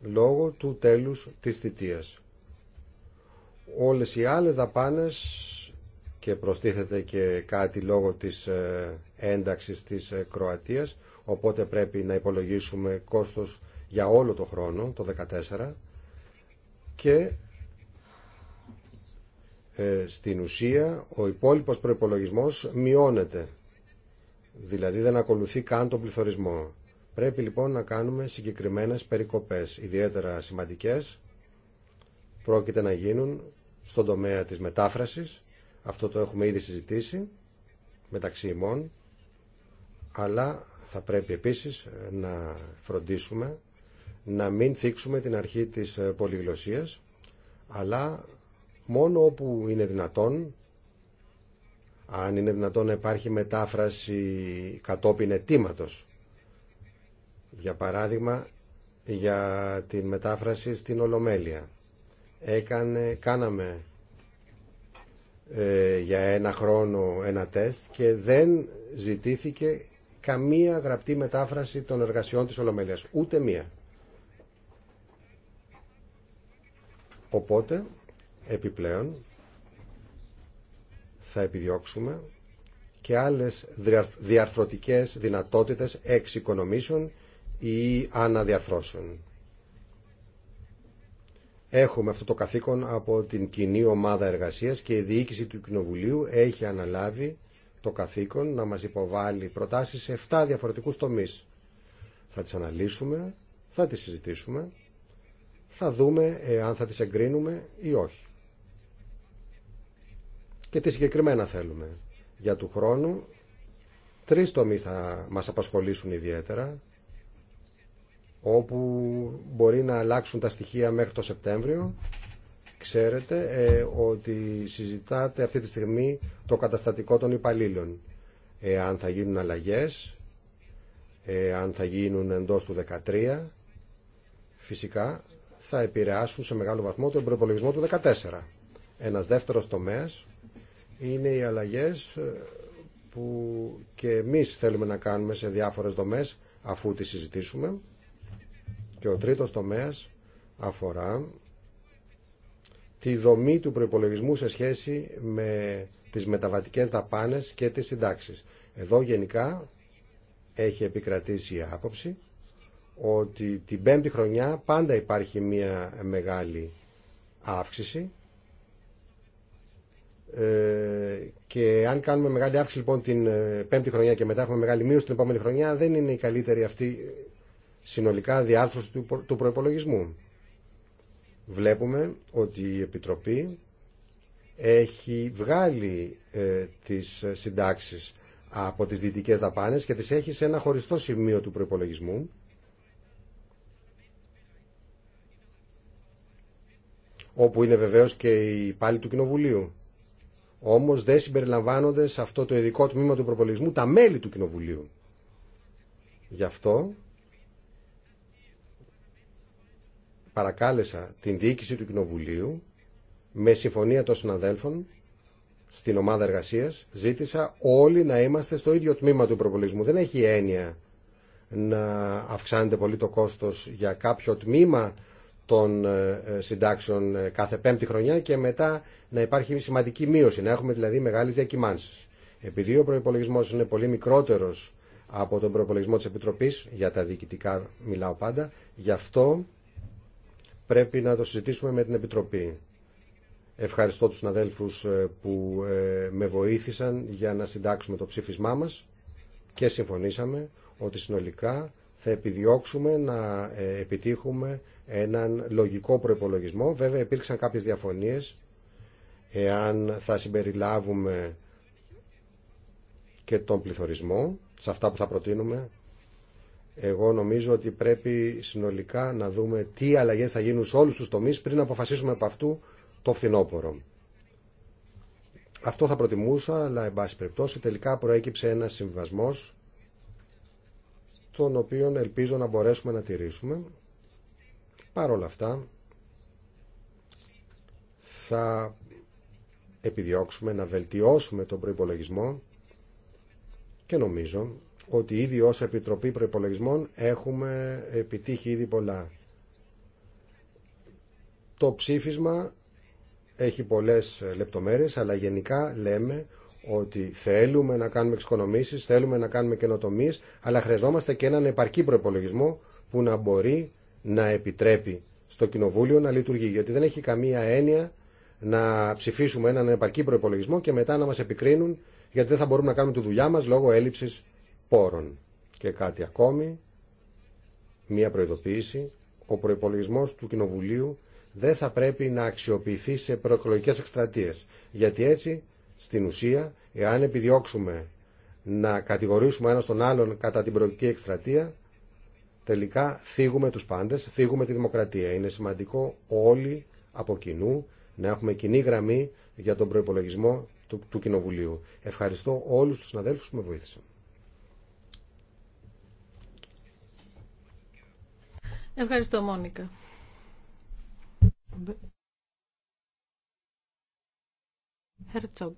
λόγω του τέλους της θητείας. Όλες οι άλλες δαπάνες και προστίθεται και κάτι λόγω της ε, ένταξης της ε, Κροατίας οπότε πρέπει να υπολογίσουμε κόστος για όλο το χρόνο, το 2014 και ε, στην ουσία ο υπόλοιπος προϋπολογισμός μειώνεται. Δηλαδή δεν ακολουθεί καν τον πληθωρισμό. Πρέπει λοιπόν να κάνουμε συγκεκριμένες περικοπές, ιδιαίτερα σημαντικές. Πρόκειται να γίνουν στον τομέα της μετάφρασης. Αυτό το έχουμε ήδη συζητήσει μεταξύ ημών. Αλλά θα πρέπει επίσης να φροντίσουμε να μην θίξουμε την αρχή της ε, πολυγλωσσίας αλλά μόνο όπου είναι δυνατόν, αν είναι δυνατόν να υπάρχει μετάφραση κατόπιν αιτήματος. Για παράδειγμα, για τη μετάφραση στην Ολομέλεια. Έκανε, κάναμε ε, για ένα χρόνο ένα τεστ και δεν ζητήθηκε καμία γραπτή μετάφραση των εργασιών της Ολομέλειας. Ούτε μία. Οπότε Επιπλέον, θα επιδιώξουμε και άλλες διαρθρωτικές δυνατότητες εξοικονομήσεων ή αναδιαρθρώσεων. Έχουμε αυτό το καθήκον από την κοινή ομάδα εργασίας και η διοίκηση του Κοινοβουλίου έχει αναλάβει το καθήκον να μας υποβάλει προτάσεις σε 7 διαφορετικούς τομείς. Θα τις αναλύσουμε, θα τις συζητήσουμε, θα δούμε αν θα τις εγκρίνουμε ή όχι και τι συγκεκριμένα θέλουμε. Για του χρόνου τρεις τομείς θα μας απασχολήσουν ιδιαίτερα όπου μπορεί να αλλάξουν τα στοιχεία μέχρι το Σεπτέμβριο. Ξέρετε ε, ότι συζητάτε αυτή τη στιγμή το καταστατικό των υπαλλήλων. Ε, αν θα γίνουν αλλαγές, ε, αν θα γίνουν εντός του 2013 φυσικά θα επηρεάσουν σε μεγάλο βαθμό τον προπολογισμό του 2014. Ένας δεύτερος τομέας είναι οι αλλαγές ε, που και εμείς θέλουμε να κάνουμε σε διάφορες δομές αφού τις συζητήσουμε. Και ο τρίτος τομέας αφορά τη δομή του προϋπολογισμού σε σχέση με τις μεταβατικές δαπάνες και τις συντάξεις. Εδώ γενικά έχει επικρατήσει η άποψη ότι την πέμπτη χρονιά πάντα υπάρχει μια μεγάλη αύξηση ε, και αν κάνουμε μεγάλη αύξηση λοιπόν την ε, πέμπτη χρονιά και μετά έχουμε μεγάλη μείωση την επόμενη χρονιά δεν είναι η καλύτερη αυτή ε, συνολικά διάρθρωση του, του προϋπολογισμού. Βλέπουμε ότι η Επιτροπή έχει βγάλει ε, τις συντάξεις από τις δυτικές δαπάνες και τις έχει σε ένα χωριστό σημείο του προϋπολογισμού όπου είναι βεβαίως και η πάλι του Κοινοβουλίου. Όμως δεν συμπεριλαμβάνονται σε αυτό το ειδικό τμήμα του προπολογισμού τα μέλη του Κοινοβουλίου. Γι' αυτό παρακάλεσα την διοίκηση του Κοινοβουλίου με συμφωνία των συναδέλφων στην ομάδα εργασίας ζήτησα όλοι να είμαστε στο ίδιο τμήμα του προπολογισμού. Δεν έχει έννοια να αυξάνεται πολύ το κόστος για κάποιο τμήμα των ε, συντάξεων ε, κάθε πέμπτη χρονιά και μετά να υπάρχει σημαντική μείωση, να έχουμε δηλαδή μεγάλε διακυμάνσει. Επειδή ο προπολογισμό είναι πολύ μικρότερο από τον προπολογισμό τη Επιτροπή, για τα διοικητικά μιλάω πάντα, γι' αυτό πρέπει να το συζητήσουμε με την Επιτροπή. Ευχαριστώ τους συναδέλφους ε, που ε, με βοήθησαν για να συντάξουμε το ψήφισμά μας και συμφωνήσαμε ότι συνολικά θα επιδιώξουμε να ε, επιτύχουμε έναν λογικό προπολογισμό. Βέβαια υπήρξαν κάποιες διαφωνίες εάν θα συμπεριλάβουμε και τον πληθωρισμό σε αυτά που θα προτείνουμε εγώ νομίζω ότι πρέπει συνολικά να δούμε τι αλλαγές θα γίνουν σε όλους τους τομείς πριν αποφασίσουμε από αυτού το φθινόπωρο. Αυτό θα προτιμούσα, αλλά εν πάση περιπτώσει τελικά προέκυψε ένα συμβασμός τον οποίο ελπίζω να μπορέσουμε να τηρήσουμε. Παρ' όλα αυτά θα επιδιώξουμε να βελτιώσουμε τον προϋπολογισμό και νομίζω ότι ήδη ως Επιτροπή Προϋπολογισμών έχουμε επιτύχει ήδη πολλά. Το ψήφισμα έχει πολλές λεπτομέρειες, αλλά γενικά λέμε ότι θέλουμε να κάνουμε εξοικονομήσεις, θέλουμε να κάνουμε καινοτομίε, αλλά χρειαζόμαστε και έναν επαρκή προϋπολογισμό που να μπορεί να επιτρέπει στο Κοινοβούλιο να λειτουργεί. Γιατί δεν έχει καμία έννοια να ψηφίσουμε έναν επαρκή προπολογισμό και μετά να μα επικρίνουν γιατί δεν θα μπορούμε να κάνουμε τη δουλειά μα λόγω έλλειψη πόρων. Και κάτι ακόμη, μία προειδοποίηση. Ο προπολογισμό του Κοινοβουλίου δεν θα πρέπει να αξιοποιηθεί σε προεκλογικέ εκστρατείε. Γιατί έτσι, στην ουσία, εάν επιδιώξουμε να κατηγορήσουμε ένα τον άλλον κατά την προεκλογική εκστρατεία, τελικά θίγουμε τους πάντες, θίγουμε τη δημοκρατία. Είναι σημαντικό όλοι από κοινού να έχουμε κοινή γραμμή για τον προπολογισμό του, του Κοινοβουλίου. Ευχαριστώ όλους τους συναδέλφους που με βοήθησαν. Ευχαριστώ Μόνικα. Herzog.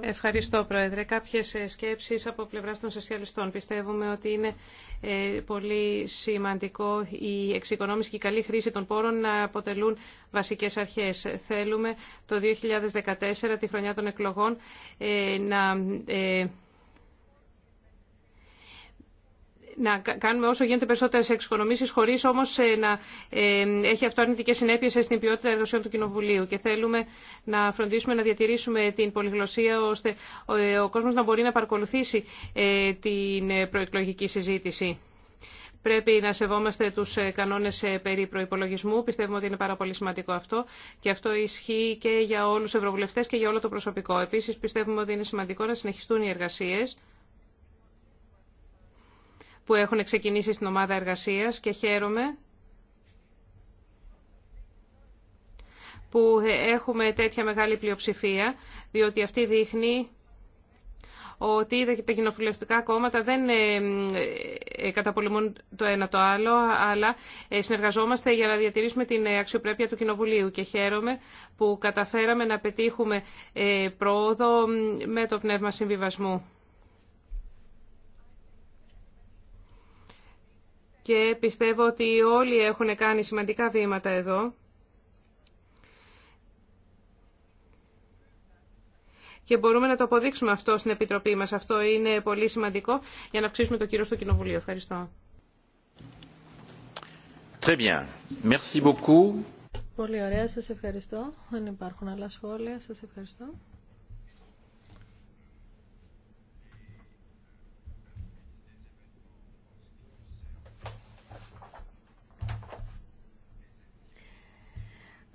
Ευχαριστώ, Πρόεδρε. Κάποιες ε, σκέψει από πλευράς των σοσιαλιστών. Πιστεύουμε ότι είναι ε, πολύ σημαντικό η εξοικονόμηση και η καλή χρήση των πόρων να αποτελούν βασικές αρχές. Θέλουμε το 2014, τη χρονιά των εκλογών, ε, να να κάνουμε όσο γίνεται περισσότερες εξοικονομήσεις χωρί όμως ε, να ε, έχει αυτό αρνητικέ συνέπειες στην ποιότητα εργασιών του Κοινοβουλίου και θέλουμε να φροντίσουμε να διατηρήσουμε την πολυγλωσία ώστε ε, ο κόσμο να μπορεί να παρακολουθήσει την προεκλογική συζήτηση. Πρέπει να σεβόμαστε του κανόνε περί προπολογισμού. Πιστεύουμε ότι είναι πάρα πολύ σημαντικό αυτό και αυτό ισχύει και για όλου του ευρωβουλευτέ και για όλο το προσωπικό. Επίση, πιστεύουμε ότι είναι σημαντικό να συνεχιστούν οι εργασίε που έχουν ξεκινήσει στην ομάδα εργασίας και χαίρομαι που έχουμε τέτοια μεγάλη πλειοψηφία, διότι αυτή δείχνει ότι τα κοινοβουλευτικά κόμματα δεν ε, ε, καταπολεμούν το ένα το άλλο, αλλά ε, συνεργαζόμαστε για να διατηρήσουμε την αξιοπρέπεια του Κοινοβουλίου και χαίρομαι που καταφέραμε να πετύχουμε πρόοδο με το πνεύμα συμβιβασμού. και πιστεύω ότι όλοι έχουν κάνει σημαντικά βήματα εδώ. Και μπορούμε να το αποδείξουμε αυτό στην Επιτροπή μας. Αυτό είναι πολύ σημαντικό για να αυξήσουμε το κύριο στο Κοινοβουλίο. Ευχαριστώ. Très bien. Merci beaucoup. Πολύ ωραία. Σας ευχαριστώ. Αν υπάρχουν άλλα σχόλια, σας ευχαριστώ.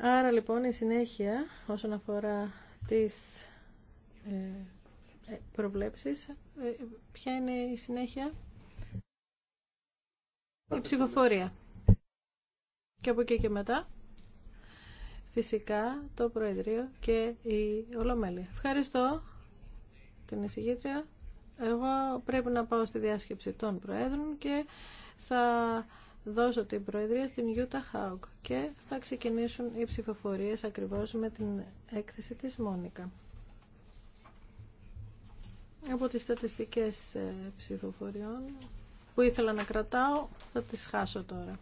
Άρα λοιπόν η συνέχεια όσον αφορά τις ε, ε, προβλέψεις, ε, ποια είναι η συνέχεια, η ψηφοφορία. Και από εκεί και μετά, φυσικά το Προεδρείο και η Ολομέλεια. Ευχαριστώ την εισηγήτρια. Εγώ πρέπει να πάω στη διάσκεψη των Προέδρων και θα δώσω την Προεδρία στην Γιούτα Χάουκ και θα ξεκινήσουν οι ψηφοφορίες ακριβώς με την έκθεση της Μόνικα. Από τις στατιστικές ε, ψηφοφοριών που ήθελα να κρατάω θα τις χάσω τώρα.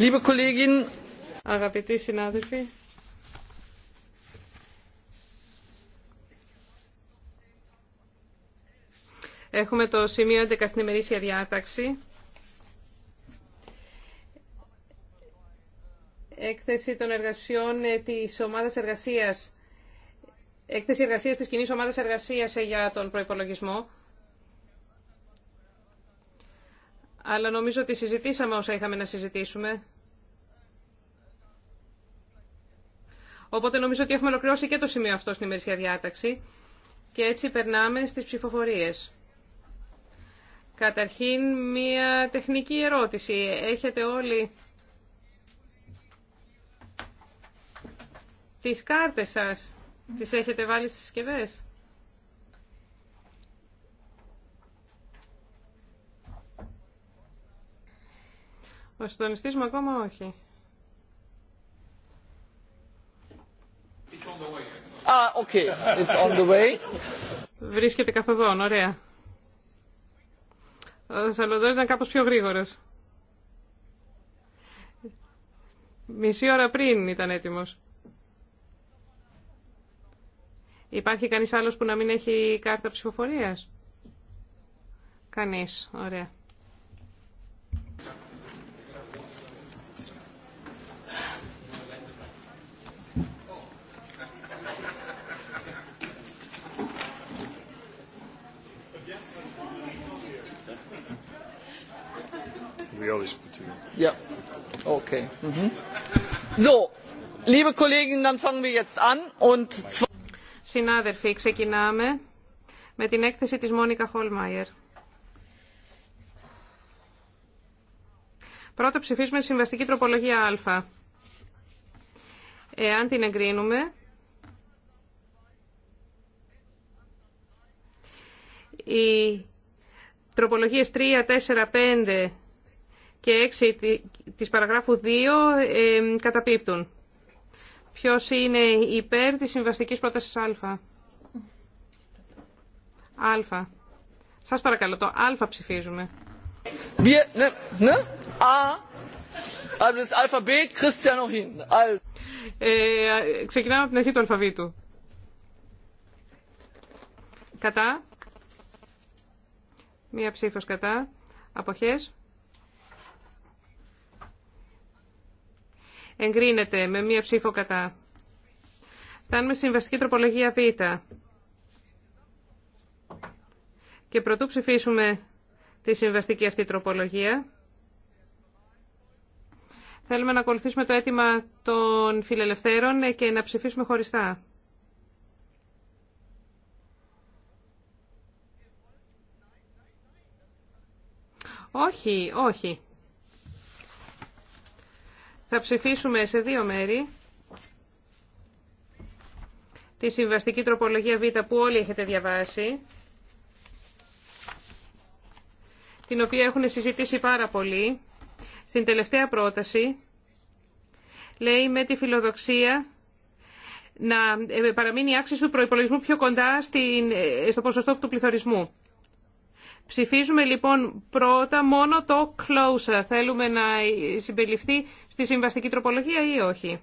Liebe Kolleginnen, Αγαπητοί συνάδελφοι, έχουμε το σημείο 11 στην ημερήσια διάταξη. Έκθεση των εργασιών ε, της ομάδας εργασίας. Έκθεση εργασίας της κοινής ομάδας εργασίας ε, για τον προϋπολογισμό. αλλά νομίζω ότι συζητήσαμε όσα είχαμε να συζητήσουμε. Οπότε νομίζω ότι έχουμε ολοκληρώσει και το σημείο αυτό στην ημερήσια διάταξη. Και έτσι περνάμε στις ψηφοφορίες. Καταρχήν, μία τεχνική ερώτηση. Έχετε όλοι τις κάρτες σας, τις έχετε βάλει στις συσκευέ. Ο συντονιστής μου ακόμα όχι. Α, ah, It's Βρίσκεται καθοδόν, ωραία. Ο Σαλοντόρ ήταν κάπως πιο γρήγορος. Μισή ώρα πριν ήταν έτοιμος. Υπάρχει κανείς άλλος που να μην έχει κάρτα ψηφοφορίας. Κανείς, ωραία. Mhm. So, liebe dann fangen wir jetzt an und. Συνάδελφοι, ξεκινάμε με την έκθεση της Μόνικα Χολμάιερ. Πρώτα ψηφίσουμε συμβαστική τροπολογία Α. Εάν την εγκρίνουμε, οι τροπολογίες 3, 4, 5 και 6 της παραγράφου 2 ε, καταπίπτουν. Ποιος είναι υπέρ της συμβαστικής πρότασης α. Α. Σας παρακαλώ, το α ψηφίζουμε. Wir, ne, ne? A, also das Alphabet, Christian noch ε, ξεκινάμε από την αρχή του αλφαβήτου. Κατά. Μία ψήφος κατά. Αποχές. εγκρίνεται με μία ψήφο κατά. Φτάνουμε στη συμβαστική τροπολογία Β. Και πρωτού ψηφίσουμε τη συμβαστική αυτή τροπολογία, θέλουμε να ακολουθήσουμε το αίτημα των φιλελευθέρων και να ψηφίσουμε χωριστά. Όχι, όχι. Θα ψηφίσουμε σε δύο μέρη τη συμβαστική τροπολογία Β που όλοι έχετε διαβάσει, την οποία έχουν συζητήσει πάρα πολύ. Στην τελευταία πρόταση λέει με τη φιλοδοξία να ε, παραμείνει η άξιση του προϋπολογισμού πιο κοντά ε, στο ποσοστό του πληθωρισμού. Ψηφίζουμε λοιπόν πρώτα μόνο το closer. Θέλουμε να συμπεριληφθεί στη συμβαστική τροπολογία ή όχι.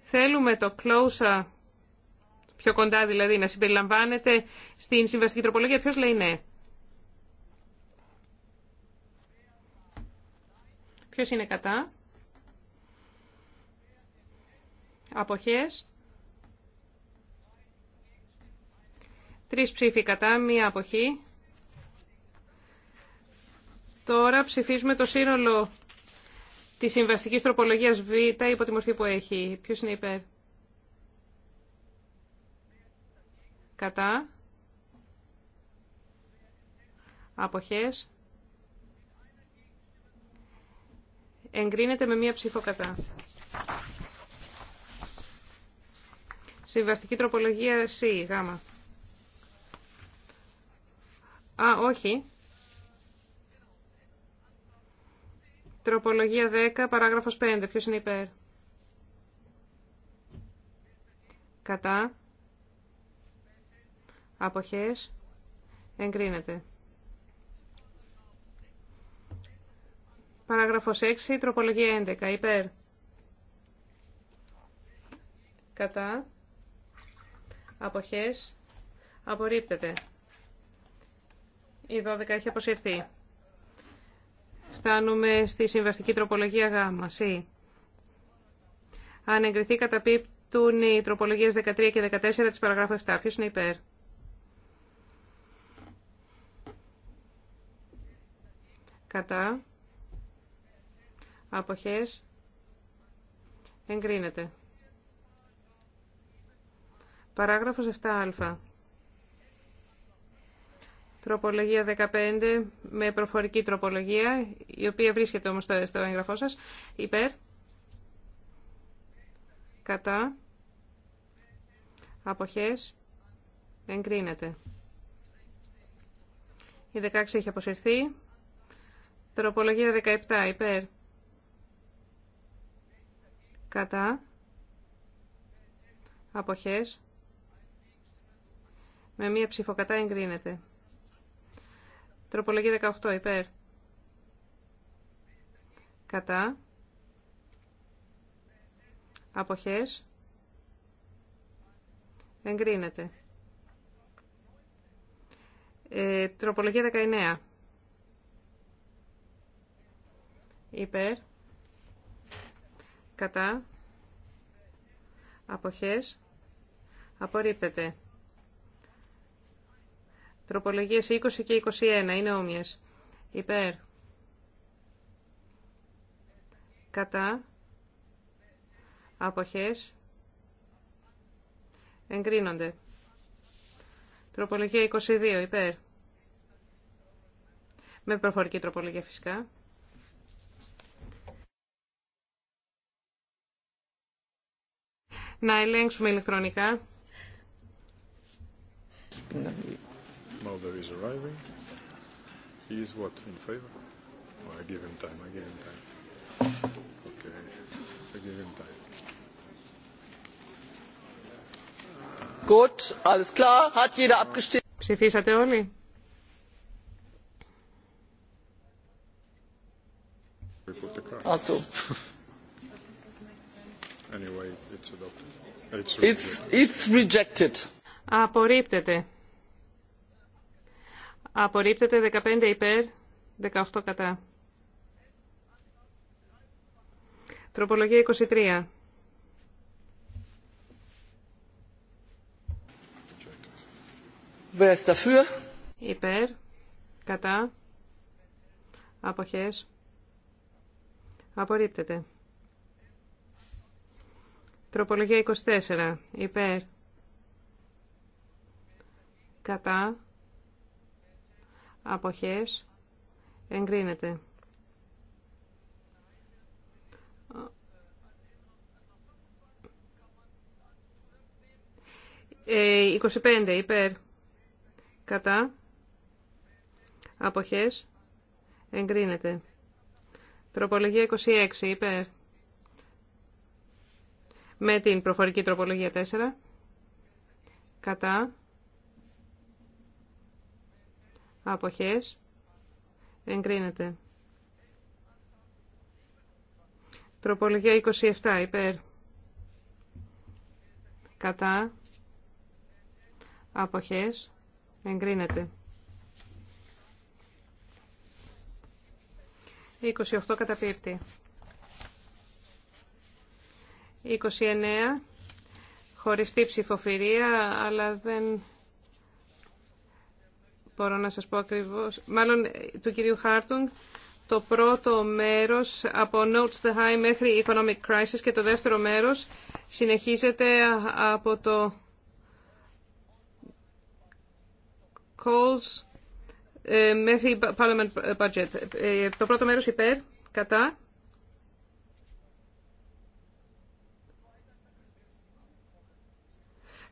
Θέλουμε το closer, πιο κοντά δηλαδή, να συμπεριλαμβάνεται στη συμβαστική τροπολογία. Ποιος λέει ναι. Ποιος είναι κατά. Αποχές. Τρεις ψήφοι κατά, μία αποχή. Τώρα ψηφίζουμε το σύνολο της συμβαστικής τροπολογίας Β υπό τη μορφή που έχει. Ποιος είναι υπέρ. Κατά. Αποχές. Εγκρίνεται με μία ψήφο κατά. Συμβαστική τροπολογία C, γάμα. Α, όχι. Τροπολογία 10, παράγραφος 5. Ποιος είναι υπέρ. Κατά. Αποχές. Εγκρίνεται. Παράγραφος 6, τροπολογία 11. Υπέρ. Κατά. Αποχές. Απορρίπτεται. Η 12 έχει αποσυρθεί. Φτάνουμε στη συμβαστική τροπολογία γάμα. Αν εγκριθεί καταπίπτουν οι τροπολογίες 13 και 14 της παραγράφου 7. Ποιο είναι υπέρ. Κατά. Αποχές. Εγκρίνεται. Παράγραφος 7α. Τροπολογία 15 με προφορική τροπολογία, η οποία βρίσκεται όμως στο έγγραφό σας. Υπέρ. Κατά. Αποχές. Εγκρίνεται. Η 16 έχει αποσυρθεί. Τροπολογία 17. Υπέρ. Κατά. Αποχές. Με μία ψηφοκατά εγκρίνεται. Τροπολογία 18 υπέρ. Κατά. Αποχές. Εγκρίνεται. Ε, τροπολογία 19. Υπέρ. Κατά. Αποχές. Απορρίπτεται. Τροπολογίες 20 και 21 είναι όμοιες. Υπέρ. Κατά. Αποχές. Εγκρίνονται. Τροπολογία 22. Υπέρ. Με προφορική τροπολογία φυσικά. Να ελέγξουμε ηλεκτρονικά. Mulder is arriving. He is what, in favor? I give him time, I give him time. Okay, I give him time. Gut, alles klar, hat jeder abgestimmt. Ψηφίσατε όλοι. Also. Anyway, it's adopted. It's, it's rejected. Απορρίπτεται. Απορρίπτεται 15 υπέρ, 18 κατά. Τροπολογία 23. Wer dafür? Υπέρ, κατά, αποχές, απορρίπτεται. Τροπολογία 24. Υπέρ, κατά, αποχές εγκρίνεται. Ε, 25 υπέρ κατά αποχές εγκρίνεται. Τροπολογία 26 υπέρ με την προφορική τροπολογία 4 κατά αποχές εγκρίνεται. Τροπολογία 27 υπέρ κατά αποχές εγκρίνεται. 28 καταπίπτει. 29 χωριστή ψηφοφορία, αλλά δεν μπορώ να σας πω ακριβώς, μάλλον ε, του κυρίου Χάρτουγκ, το πρώτο μέρος από Notes the High μέχρι Economic Crisis και το δεύτερο μέρος συνεχίζεται από το Calls ε, μέχρι Parliament Budget. Ε, το πρώτο μέρος υπέρ, κατά.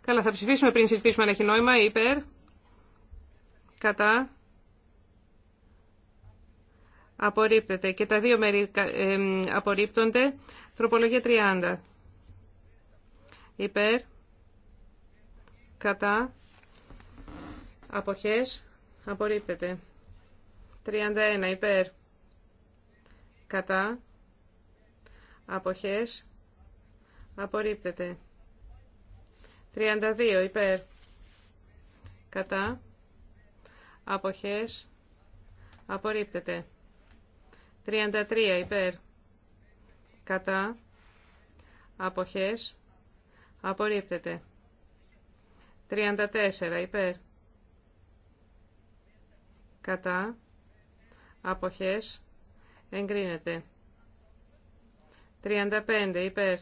Καλά, θα ψηφίσουμε πριν συζητήσουμε αν έχει νόημα. Υπέρ κατά απορρίπτεται και τα δύο μέρη απορρίπτονται. Τροπολογία 30. Υπέρ, κατά, αποχές, απορρίπτεται. 31. Υπέρ, κατά, αποχές, απορρίπτεται. 32. Υπέρ, κατά, αποχές απορρίπτεται. 33 υπέρ κατά αποχές απορρίπτεται. 34 υπέρ κατά αποχές εγκρίνεται. 35 υπέρ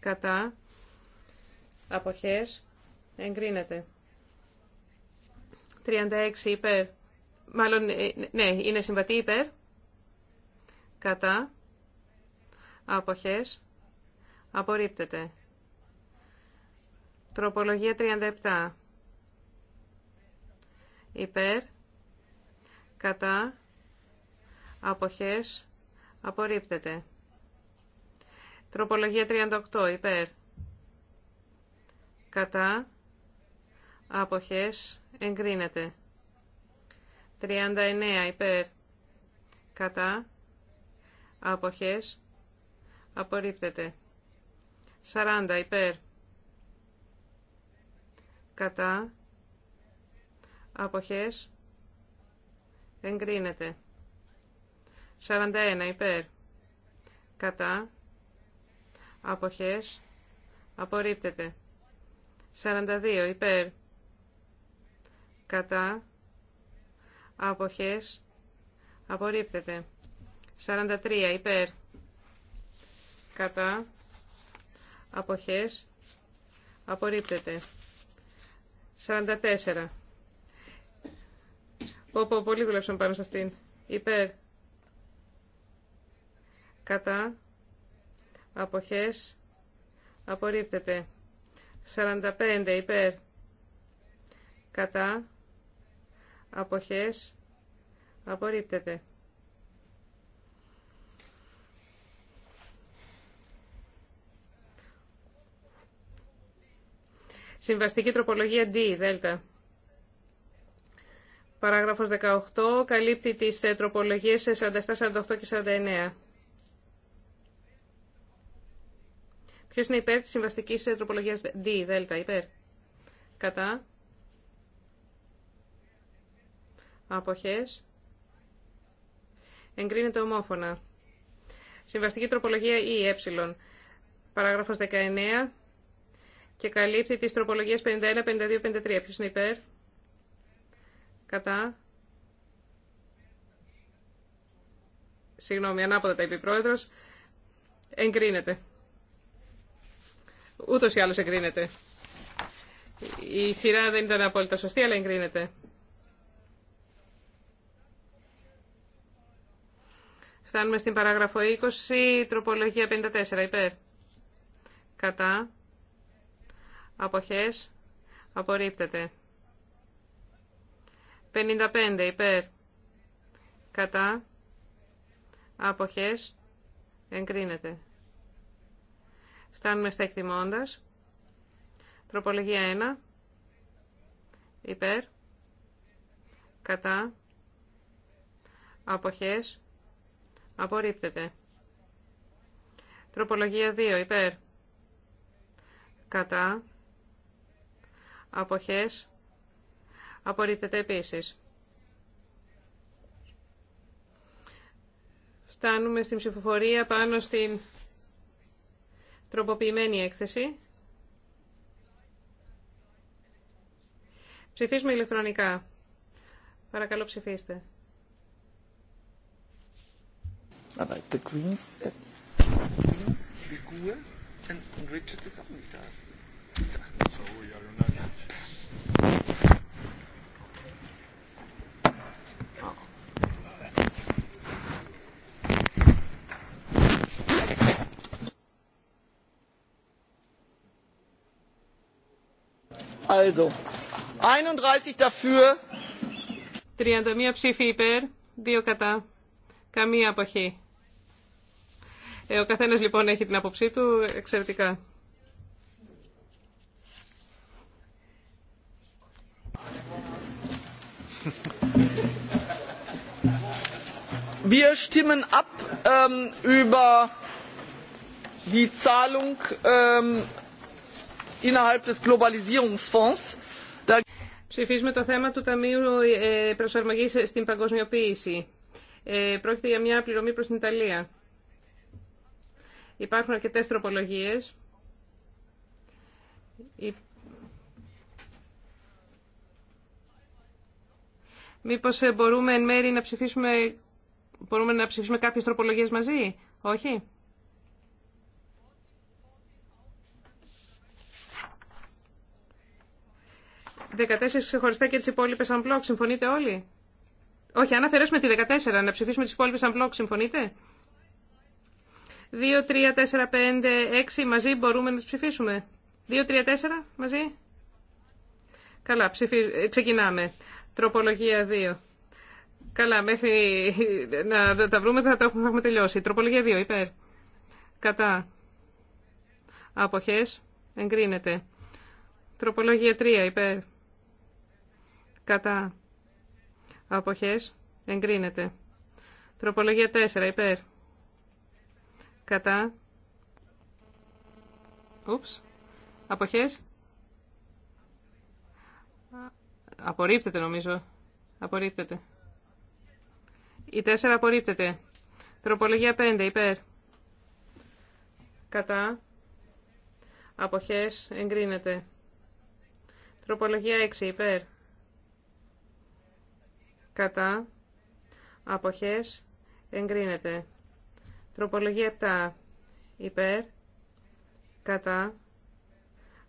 κατά αποχές εγκρίνεται. 36 υπέρ. Μάλλον, ε, ναι, είναι συμβατή υπέρ. Κατά. Αποχές. Απορρίπτεται. Τροπολογία 37. Υπέρ. Κατά. Αποχές. Απορρίπτεται. Τροπολογία 38. Υπέρ. Κατά. Αποχές εγκρίνεται. 39 υπέρ. Κατά. Αποχές απορρίπτεται. 40 υπέρ. Κατά. Αποχές εγκρίνεται. 41 υπέρ. Κατά. Αποχές απορρίπτεται. 42 υπέρ κατά, αποχές, απορρίπτεται. 43 υπέρ, κατά, αποχές, απορρίπτεται. 44. Πω, πω, πολύ δουλεύσαν πάνω σε αυτήν. Υπέρ. Κατά. Αποχές. Απορρίπτεται. 45. Υπέρ. Κατά αποχές απορρίπτεται. Συμβαστική τροπολογία D, δέλτα. Παράγραφος 18 καλύπτει τις ε, τροπολογίες 47, 48 και 49. Ποιος είναι υπέρ της συμβαστικής ε, τροπολογίας D, δέλτα, υπέρ. Κατά. αποχές, εγκρίνεται ομόφωνα. Συμβαστική τροπολογία ή ε, παράγραφος 19 και καλύπτει τις τροπολογίες 51, 52, 53. Ποιος είναι υπέρ, κατά, συγγνώμη, ανάποδα τα είπε η πρόεδρος, εγκρίνεται. Ούτως ή άλλως εγκρίνεται. Η σειρά δεν ήταν απόλυτα σωστή, αλλά εγκρίνεται. Φτάνουμε στην παράγραφο 20, τροπολογία 54, υπέρ. Κατά. Αποχές. Απορρίπτεται. 55, υπέρ. Κατά. Αποχές. Εγκρίνεται. Φτάνουμε στα εκτιμώντας. Τροπολογία 1. Υπέρ. Κατά. Αποχές. Απορρίπτεται. Τροπολογία 2. Υπέρ. Κατά. Αποχές. Απορρίπτεται επίσης. Φτάνουμε στην ψηφοφορία πάνω στην τροποποιημένη έκθεση. Ψηφίζουμε ηλεκτρονικά. Παρακαλώ ψηφίστε. Aber the Queens. Queens Greens, die GUE und Richard ist auch nicht da. So Also, 31 dafür. 31 ψήφοι υπέρ, 2 Kata. Καμία αποχή. Ε, ο καθένας λοιπόν έχει την άποψή του εξαιρετικά. Wir stimmen ab ähm, über die Zahlung ähm, innerhalb des Globalisierungsfonds. Ψηφίζουμε το θέμα του Ταμείου ε, Προσαρμογής στην Παγκοσμιοποίηση. Ε, πρόκειται για μια πληρωμή προς την Ιταλία. Υπάρχουν αρκετέ τροπολογίε. Μήπω ε, μπορούμε εν μέρη να ψηφίσουμε, μπορούμε να ψηφίσουμε κάποιες τροπολογίες μαζί, όχι? Δεκατέσσερις ξεχωριστά και τις υπόλοιπες unblock, συμφωνείτε όλοι? Όχι, αν αφαιρέσουμε τη 14, να ψηφίσουμε τις υπόλοιπες unblock, συμφωνείτε? 2, 3, 4, 5, 6 μαζί μπορούμε να τις ψηφίσουμε. 2, 3, 4 μαζί. Καλά, ψηφι... ξεκινάμε. Τροπολογία 2. Καλά, μέχρι να τα βρούμε θα, τα έχουμε, τελειώσει. Τροπολογία 2, υπέρ. Κατά. Αποχές. Εγκρίνεται. Τροπολογία 3, υπέρ. Κατά. Αποχές. Εγκρίνεται. Τροπολογία 4, υπέρ κατά, ούψ, αποχές, απορρίπτεται νομίζω, απορρίπτεται. Η τέσσερα απορρίπτεται. Τροπολογία 5 υπέρ, κατά, αποχές, εγκρίνεται. Τροπολογία 6 υπέρ, κατά, αποχές, εγκρίνεται. Τροπολογία 7. Υπέρ. Κατά.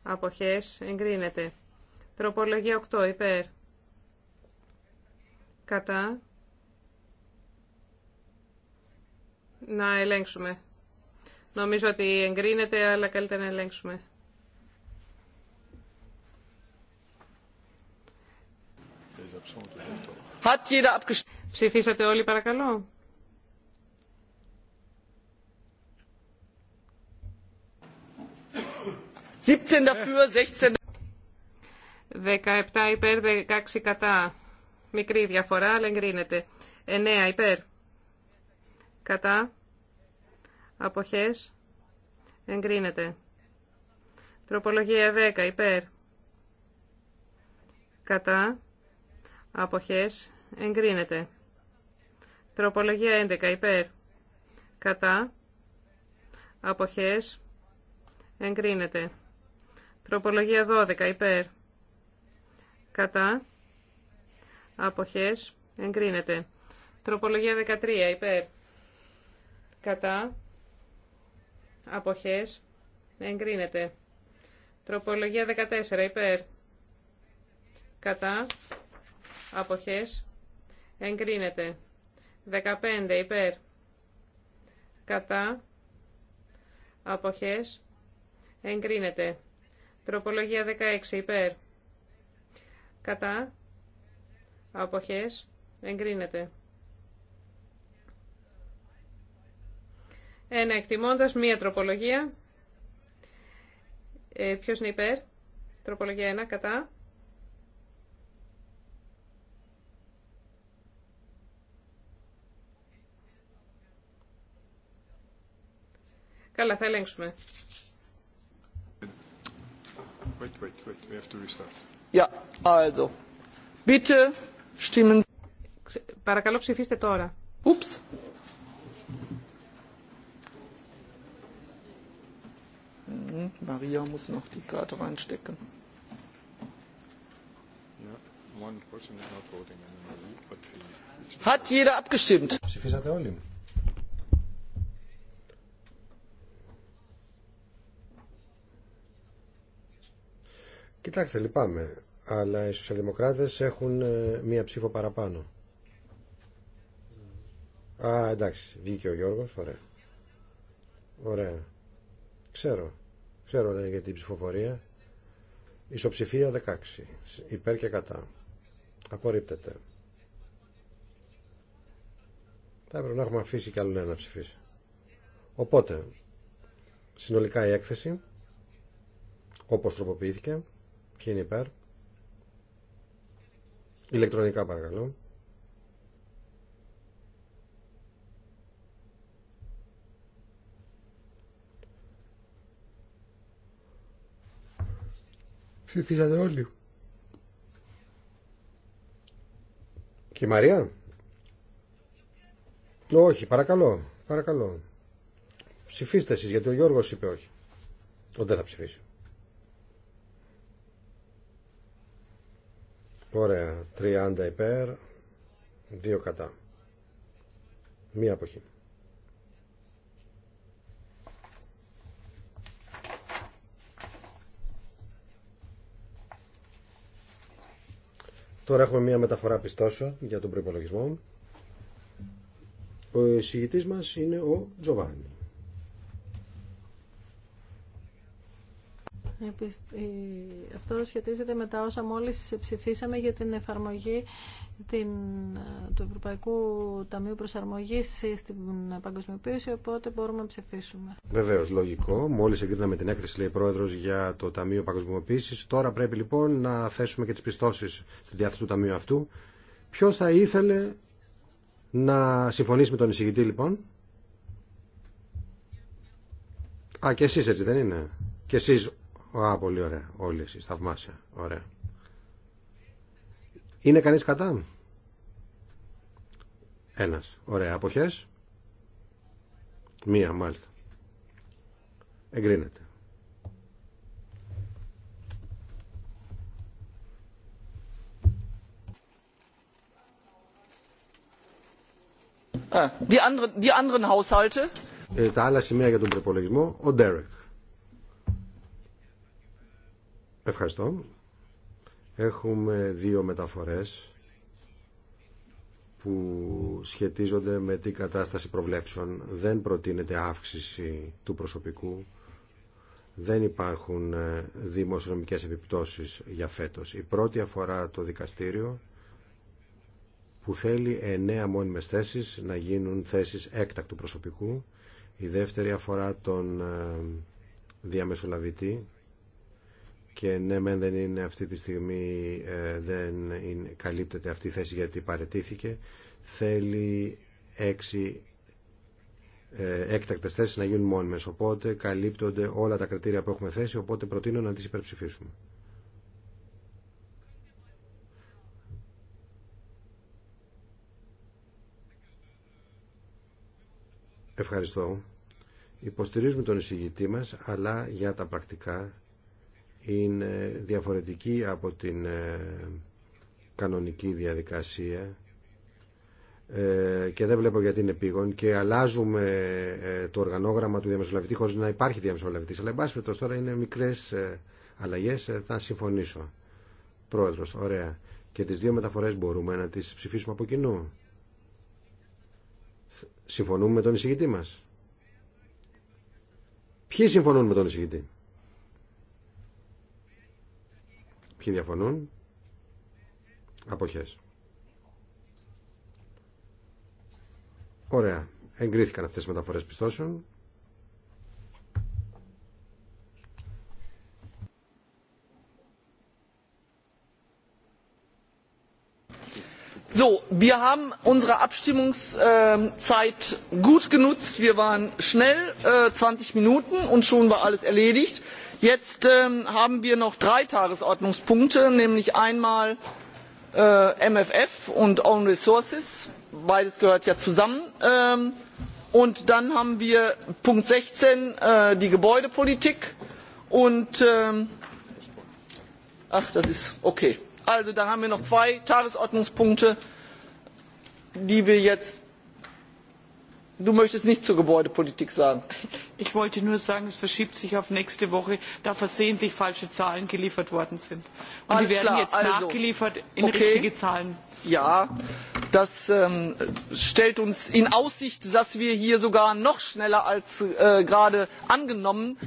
Αποχές. Εγκρίνεται. Τροπολογία 8. Υπέρ. Κατά. Να ελέγξουμε. Νομίζω ότι εγκρίνεται, αλλά καλύτερα να ελέγξουμε. Ψηφίσατε όλοι παρακαλώ. 17 dafür, 16 17 υπέρ, 16 κατά. Μικρή διαφορά, αλλά εγκρίνεται. 9 υπέρ. Κατά. Αποχές. Εγκρίνεται. Τροπολογία 10 υπέρ. Κατά. Αποχές. Εγκρίνεται. Τροπολογία 11 υπέρ. Κατά. Αποχές. Εγκρίνεται. Τροπολογία 12 υπέρ. Κατά. Αποχές. Εγκρίνεται. Τροπολογία 13 υπέρ. Κατά. Αποχές. Εγκρίνεται. Τροπολογία 14 υπέρ. Κατά. Αποχές. Εγκρίνεται. 15 υπέρ. Κατά. Αποχές. Εγκρίνεται. Τροπολογία 16 υπέρ. Κατά. Αποχές. Εγκρίνεται. Ένα εκτιμώντας μία τροπολογία. Ε, ποιος είναι υπέρ. Τροπολογία 1 κατά. Καλά, θα ελέγξουμε. Wait, wait, wait. We have to restart. Ja, Also. Bitte stimmen. Παρακαλώ ψηφίστε τώρα. Oops. Maria muss noch die Karte reinstecken. Ja, one person is not voting. Hat jeder abgestimmt? Ψηφίσατε όλοι. Κοιτάξτε, λυπάμαι, αλλά οι σοσιαλδημοκράτες έχουν ε, μία ψήφο παραπάνω. Α, εντάξει, βγήκε ο Γιώργος, ωραία. Ωραία. Ξέρω. Ξέρω ναι, για την ψηφοφορία. Ισοψηφία 16. Υπέρ και κατά. Απορρίπτεται. Θα έπρεπε να έχουμε αφήσει κι άλλον ένα ψηφίσει. Οπότε, συνολικά η έκθεση, όπως τροποποιήθηκε, Ποιοι είναι υπέρ. Ηλεκτρονικά παρακαλώ. Ψηφίσατε όλοι. Και η Μαρία. Όχι, παρακαλώ, παρακαλώ. Ψηφίστε εσείς, γιατί ο Γιώργος είπε όχι. Ο δεν θα ψηφίσει. Ωραία. 30 υπέρ. 2 κατά. Μία αποχή. Τώρα έχουμε μία μεταφορά πιστώσεων για τον προϋπολογισμό. Ο εισηγητής μας είναι ο Τζοβάνι. Αυτό σχετίζεται με τα όσα μόλις ψηφίσαμε για την εφαρμογή την, του Ευρωπαϊκού Ταμείου Προσαρμογής στην παγκοσμιοποίηση, οπότε μπορούμε να ψηφίσουμε. Βεβαίως, λογικό. Μόλις εγκρίναμε την έκθεση, λέει Πρόεδρος, για το Ταμείο Παγκοσμιοποίησης. Τώρα πρέπει λοιπόν να θέσουμε και τις πιστώσεις στη διάθεση του Ταμείου αυτού. Ποιο θα ήθελε να συμφωνήσει με τον εισηγητή λοιπόν. Α, και εσείς έτσι δεν είναι. Και εσείς Α, πολύ ωραία. Όλοι εσείς. Θαυμάσια. Ωραία. Είναι κανείς κατά. Ένας. Ωραία. Αποχές. Μία μάλιστα. Εγκρίνεται. Die anderen, die anderen Ε, τα άλλα σημεία για τον προπολογισμό, ο Ντέρεκ. Ευχαριστώ. Έχουμε δύο μεταφορές που σχετίζονται με την κατάσταση προβλέψεων. Δεν προτείνεται αύξηση του προσωπικού. Δεν υπάρχουν ε, δημοσιονομικές επιπτώσεις για φέτος. Η πρώτη αφορά το δικαστήριο που θέλει εννέα μόνιμες θέσεις να γίνουν θέσεις έκτακτου προσωπικού. Η δεύτερη αφορά τον ε, διαμεσολαβητή και ναι μεν δεν είναι αυτή τη στιγμή ε, δεν είναι, καλύπτεται αυτή η θέση γιατί παρετήθηκε θέλει έξι ε, έκτακτες θέσεις να γίνουν μόνιμες οπότε καλύπτονται όλα τα κριτήρια που έχουμε θέσει οπότε προτείνω να τις υπερψηφίσουμε Ευχαριστώ. Υποστηρίζουμε τον εισηγητή μας, αλλά για τα πρακτικά είναι διαφορετική από την ε, κανονική διαδικασία ε, και δεν βλέπω γιατί είναι πήγον και αλλάζουμε ε, το οργανόγραμμα του διαμεσολαβητή χωρίς να υπάρχει διαμεσολαβητής αλλά εν τώρα είναι μικρές αλλαγές θα συμφωνήσω Πρόεδρος, ωραία και τις δύο μεταφορές μπορούμε να τις ψηφίσουμε από κοινού Συμφωνούμε με τον εισηγητή μας Ποιοι συμφωνούν με τον εισηγητή Ποιοι διαφωνούν. Αποχές. Ωραία. Εγκρίθηκαν αυτές οι μεταφορές πιστώσεων. So, wir haben unsere Abstimmungszeit gut genutzt. Wir waren schnell, 20 Minuten, und schon war alles erledigt jetzt haben wir noch drei tagesordnungspunkte nämlich einmal MFF und own resources beides gehört ja zusammen und dann haben wir punkt sechzehn die gebäudepolitik und ach das ist okay also dann haben wir noch zwei tagesordnungspunkte die wir jetzt Du möchtest nichts zur Gebäudepolitik sagen. Ich wollte nur sagen, es verschiebt sich auf nächste Woche, da versehentlich falsche Zahlen geliefert worden sind. Und die werden jetzt nachgeliefert in richtige Zahlen. Ja, das stellt uns in Aussicht, dass wir hier sogar noch schneller als gerade angenommen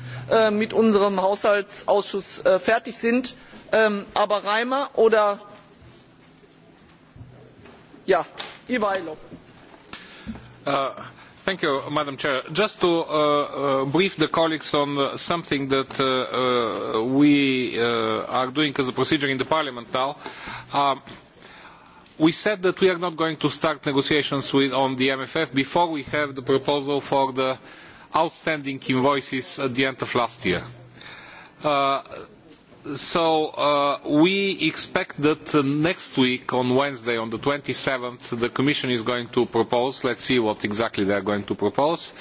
mit unserem Haushaltsausschuss fertig sind. Aber Reimer oder ja ihr Thank you, Madam Chair. Just to brief the colleagues on something that we are doing as a procedure in the Parliament now. We said that we are not going to start negotiations on the MFF before we have the proposal for the outstanding invoices at the end of last year So we expect that next week, on Wednesday, on the 27th, the Commission is going to propose. Let's see what exactly they are going to propose.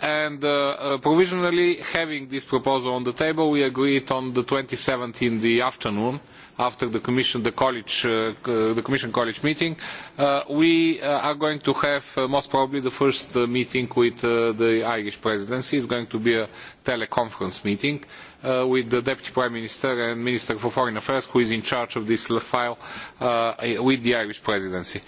And provisionally, having this proposal on the table, we it on the 27th in the afternoon, after the Commission, the College, the Commission College meeting, we are going to have most probably the first meeting with the Irish Presidency. is going to be a teleconference meeting with the Deputy Prime Minister and Minister for Foreign Affairs, who is in charge of this file with the Irish Presidency.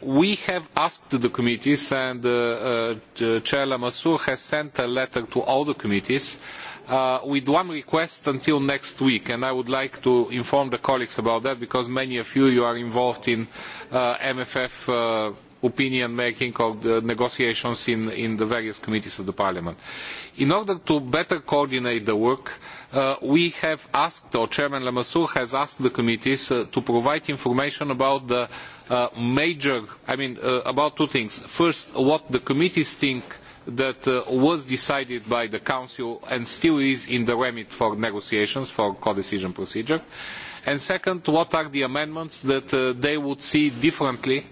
We have asked the committees, and Chair Lamassoure has sent a letter to all the committees with one request until next week, and I would like to inform the colleagues about that because many of you are involved in MFF opinion making of the negotiations in the various committees of the parliament. In order to better coordinate the work, we have asked, or Chairman Lamassoure has asked the committees to provide information about the major, I mean, about two things. First, what the committees think that was decided by the Council and still is in the remit for negotiations for co-decision procedure. And second, what are the amendments that they would see differently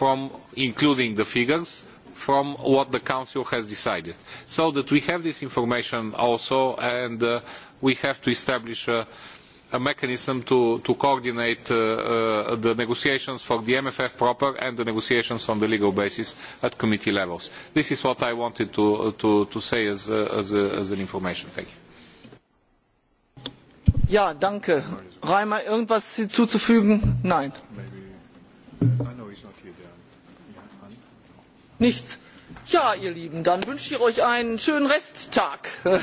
from including the figures from what the Council has decided. So that we have this information also and we have to establish a mechanism to coordinate the negotiations for the MFF proper and the negotiations on the legal basis at committee levels. This is what I wanted to say as an information. Thank you. Ja, danke. Reimer, irgendwas hinzuzufügen? Nein nichts. ja ihr lieben dann wünsche ich euch einen schönen resttag. nein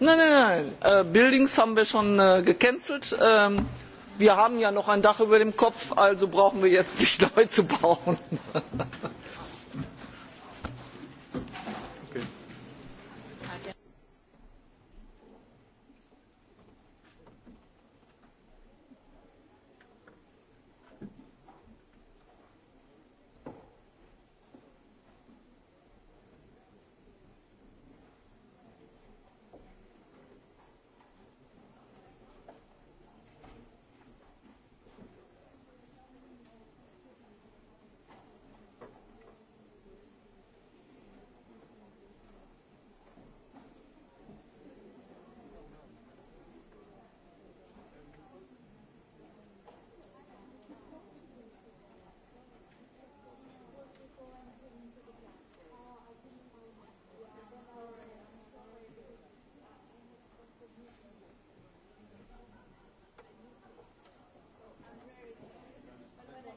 nein nein buildings haben wir schon gecancelt. wir haben ja noch ein dach über dem kopf also brauchen wir jetzt nicht neu zu bauen.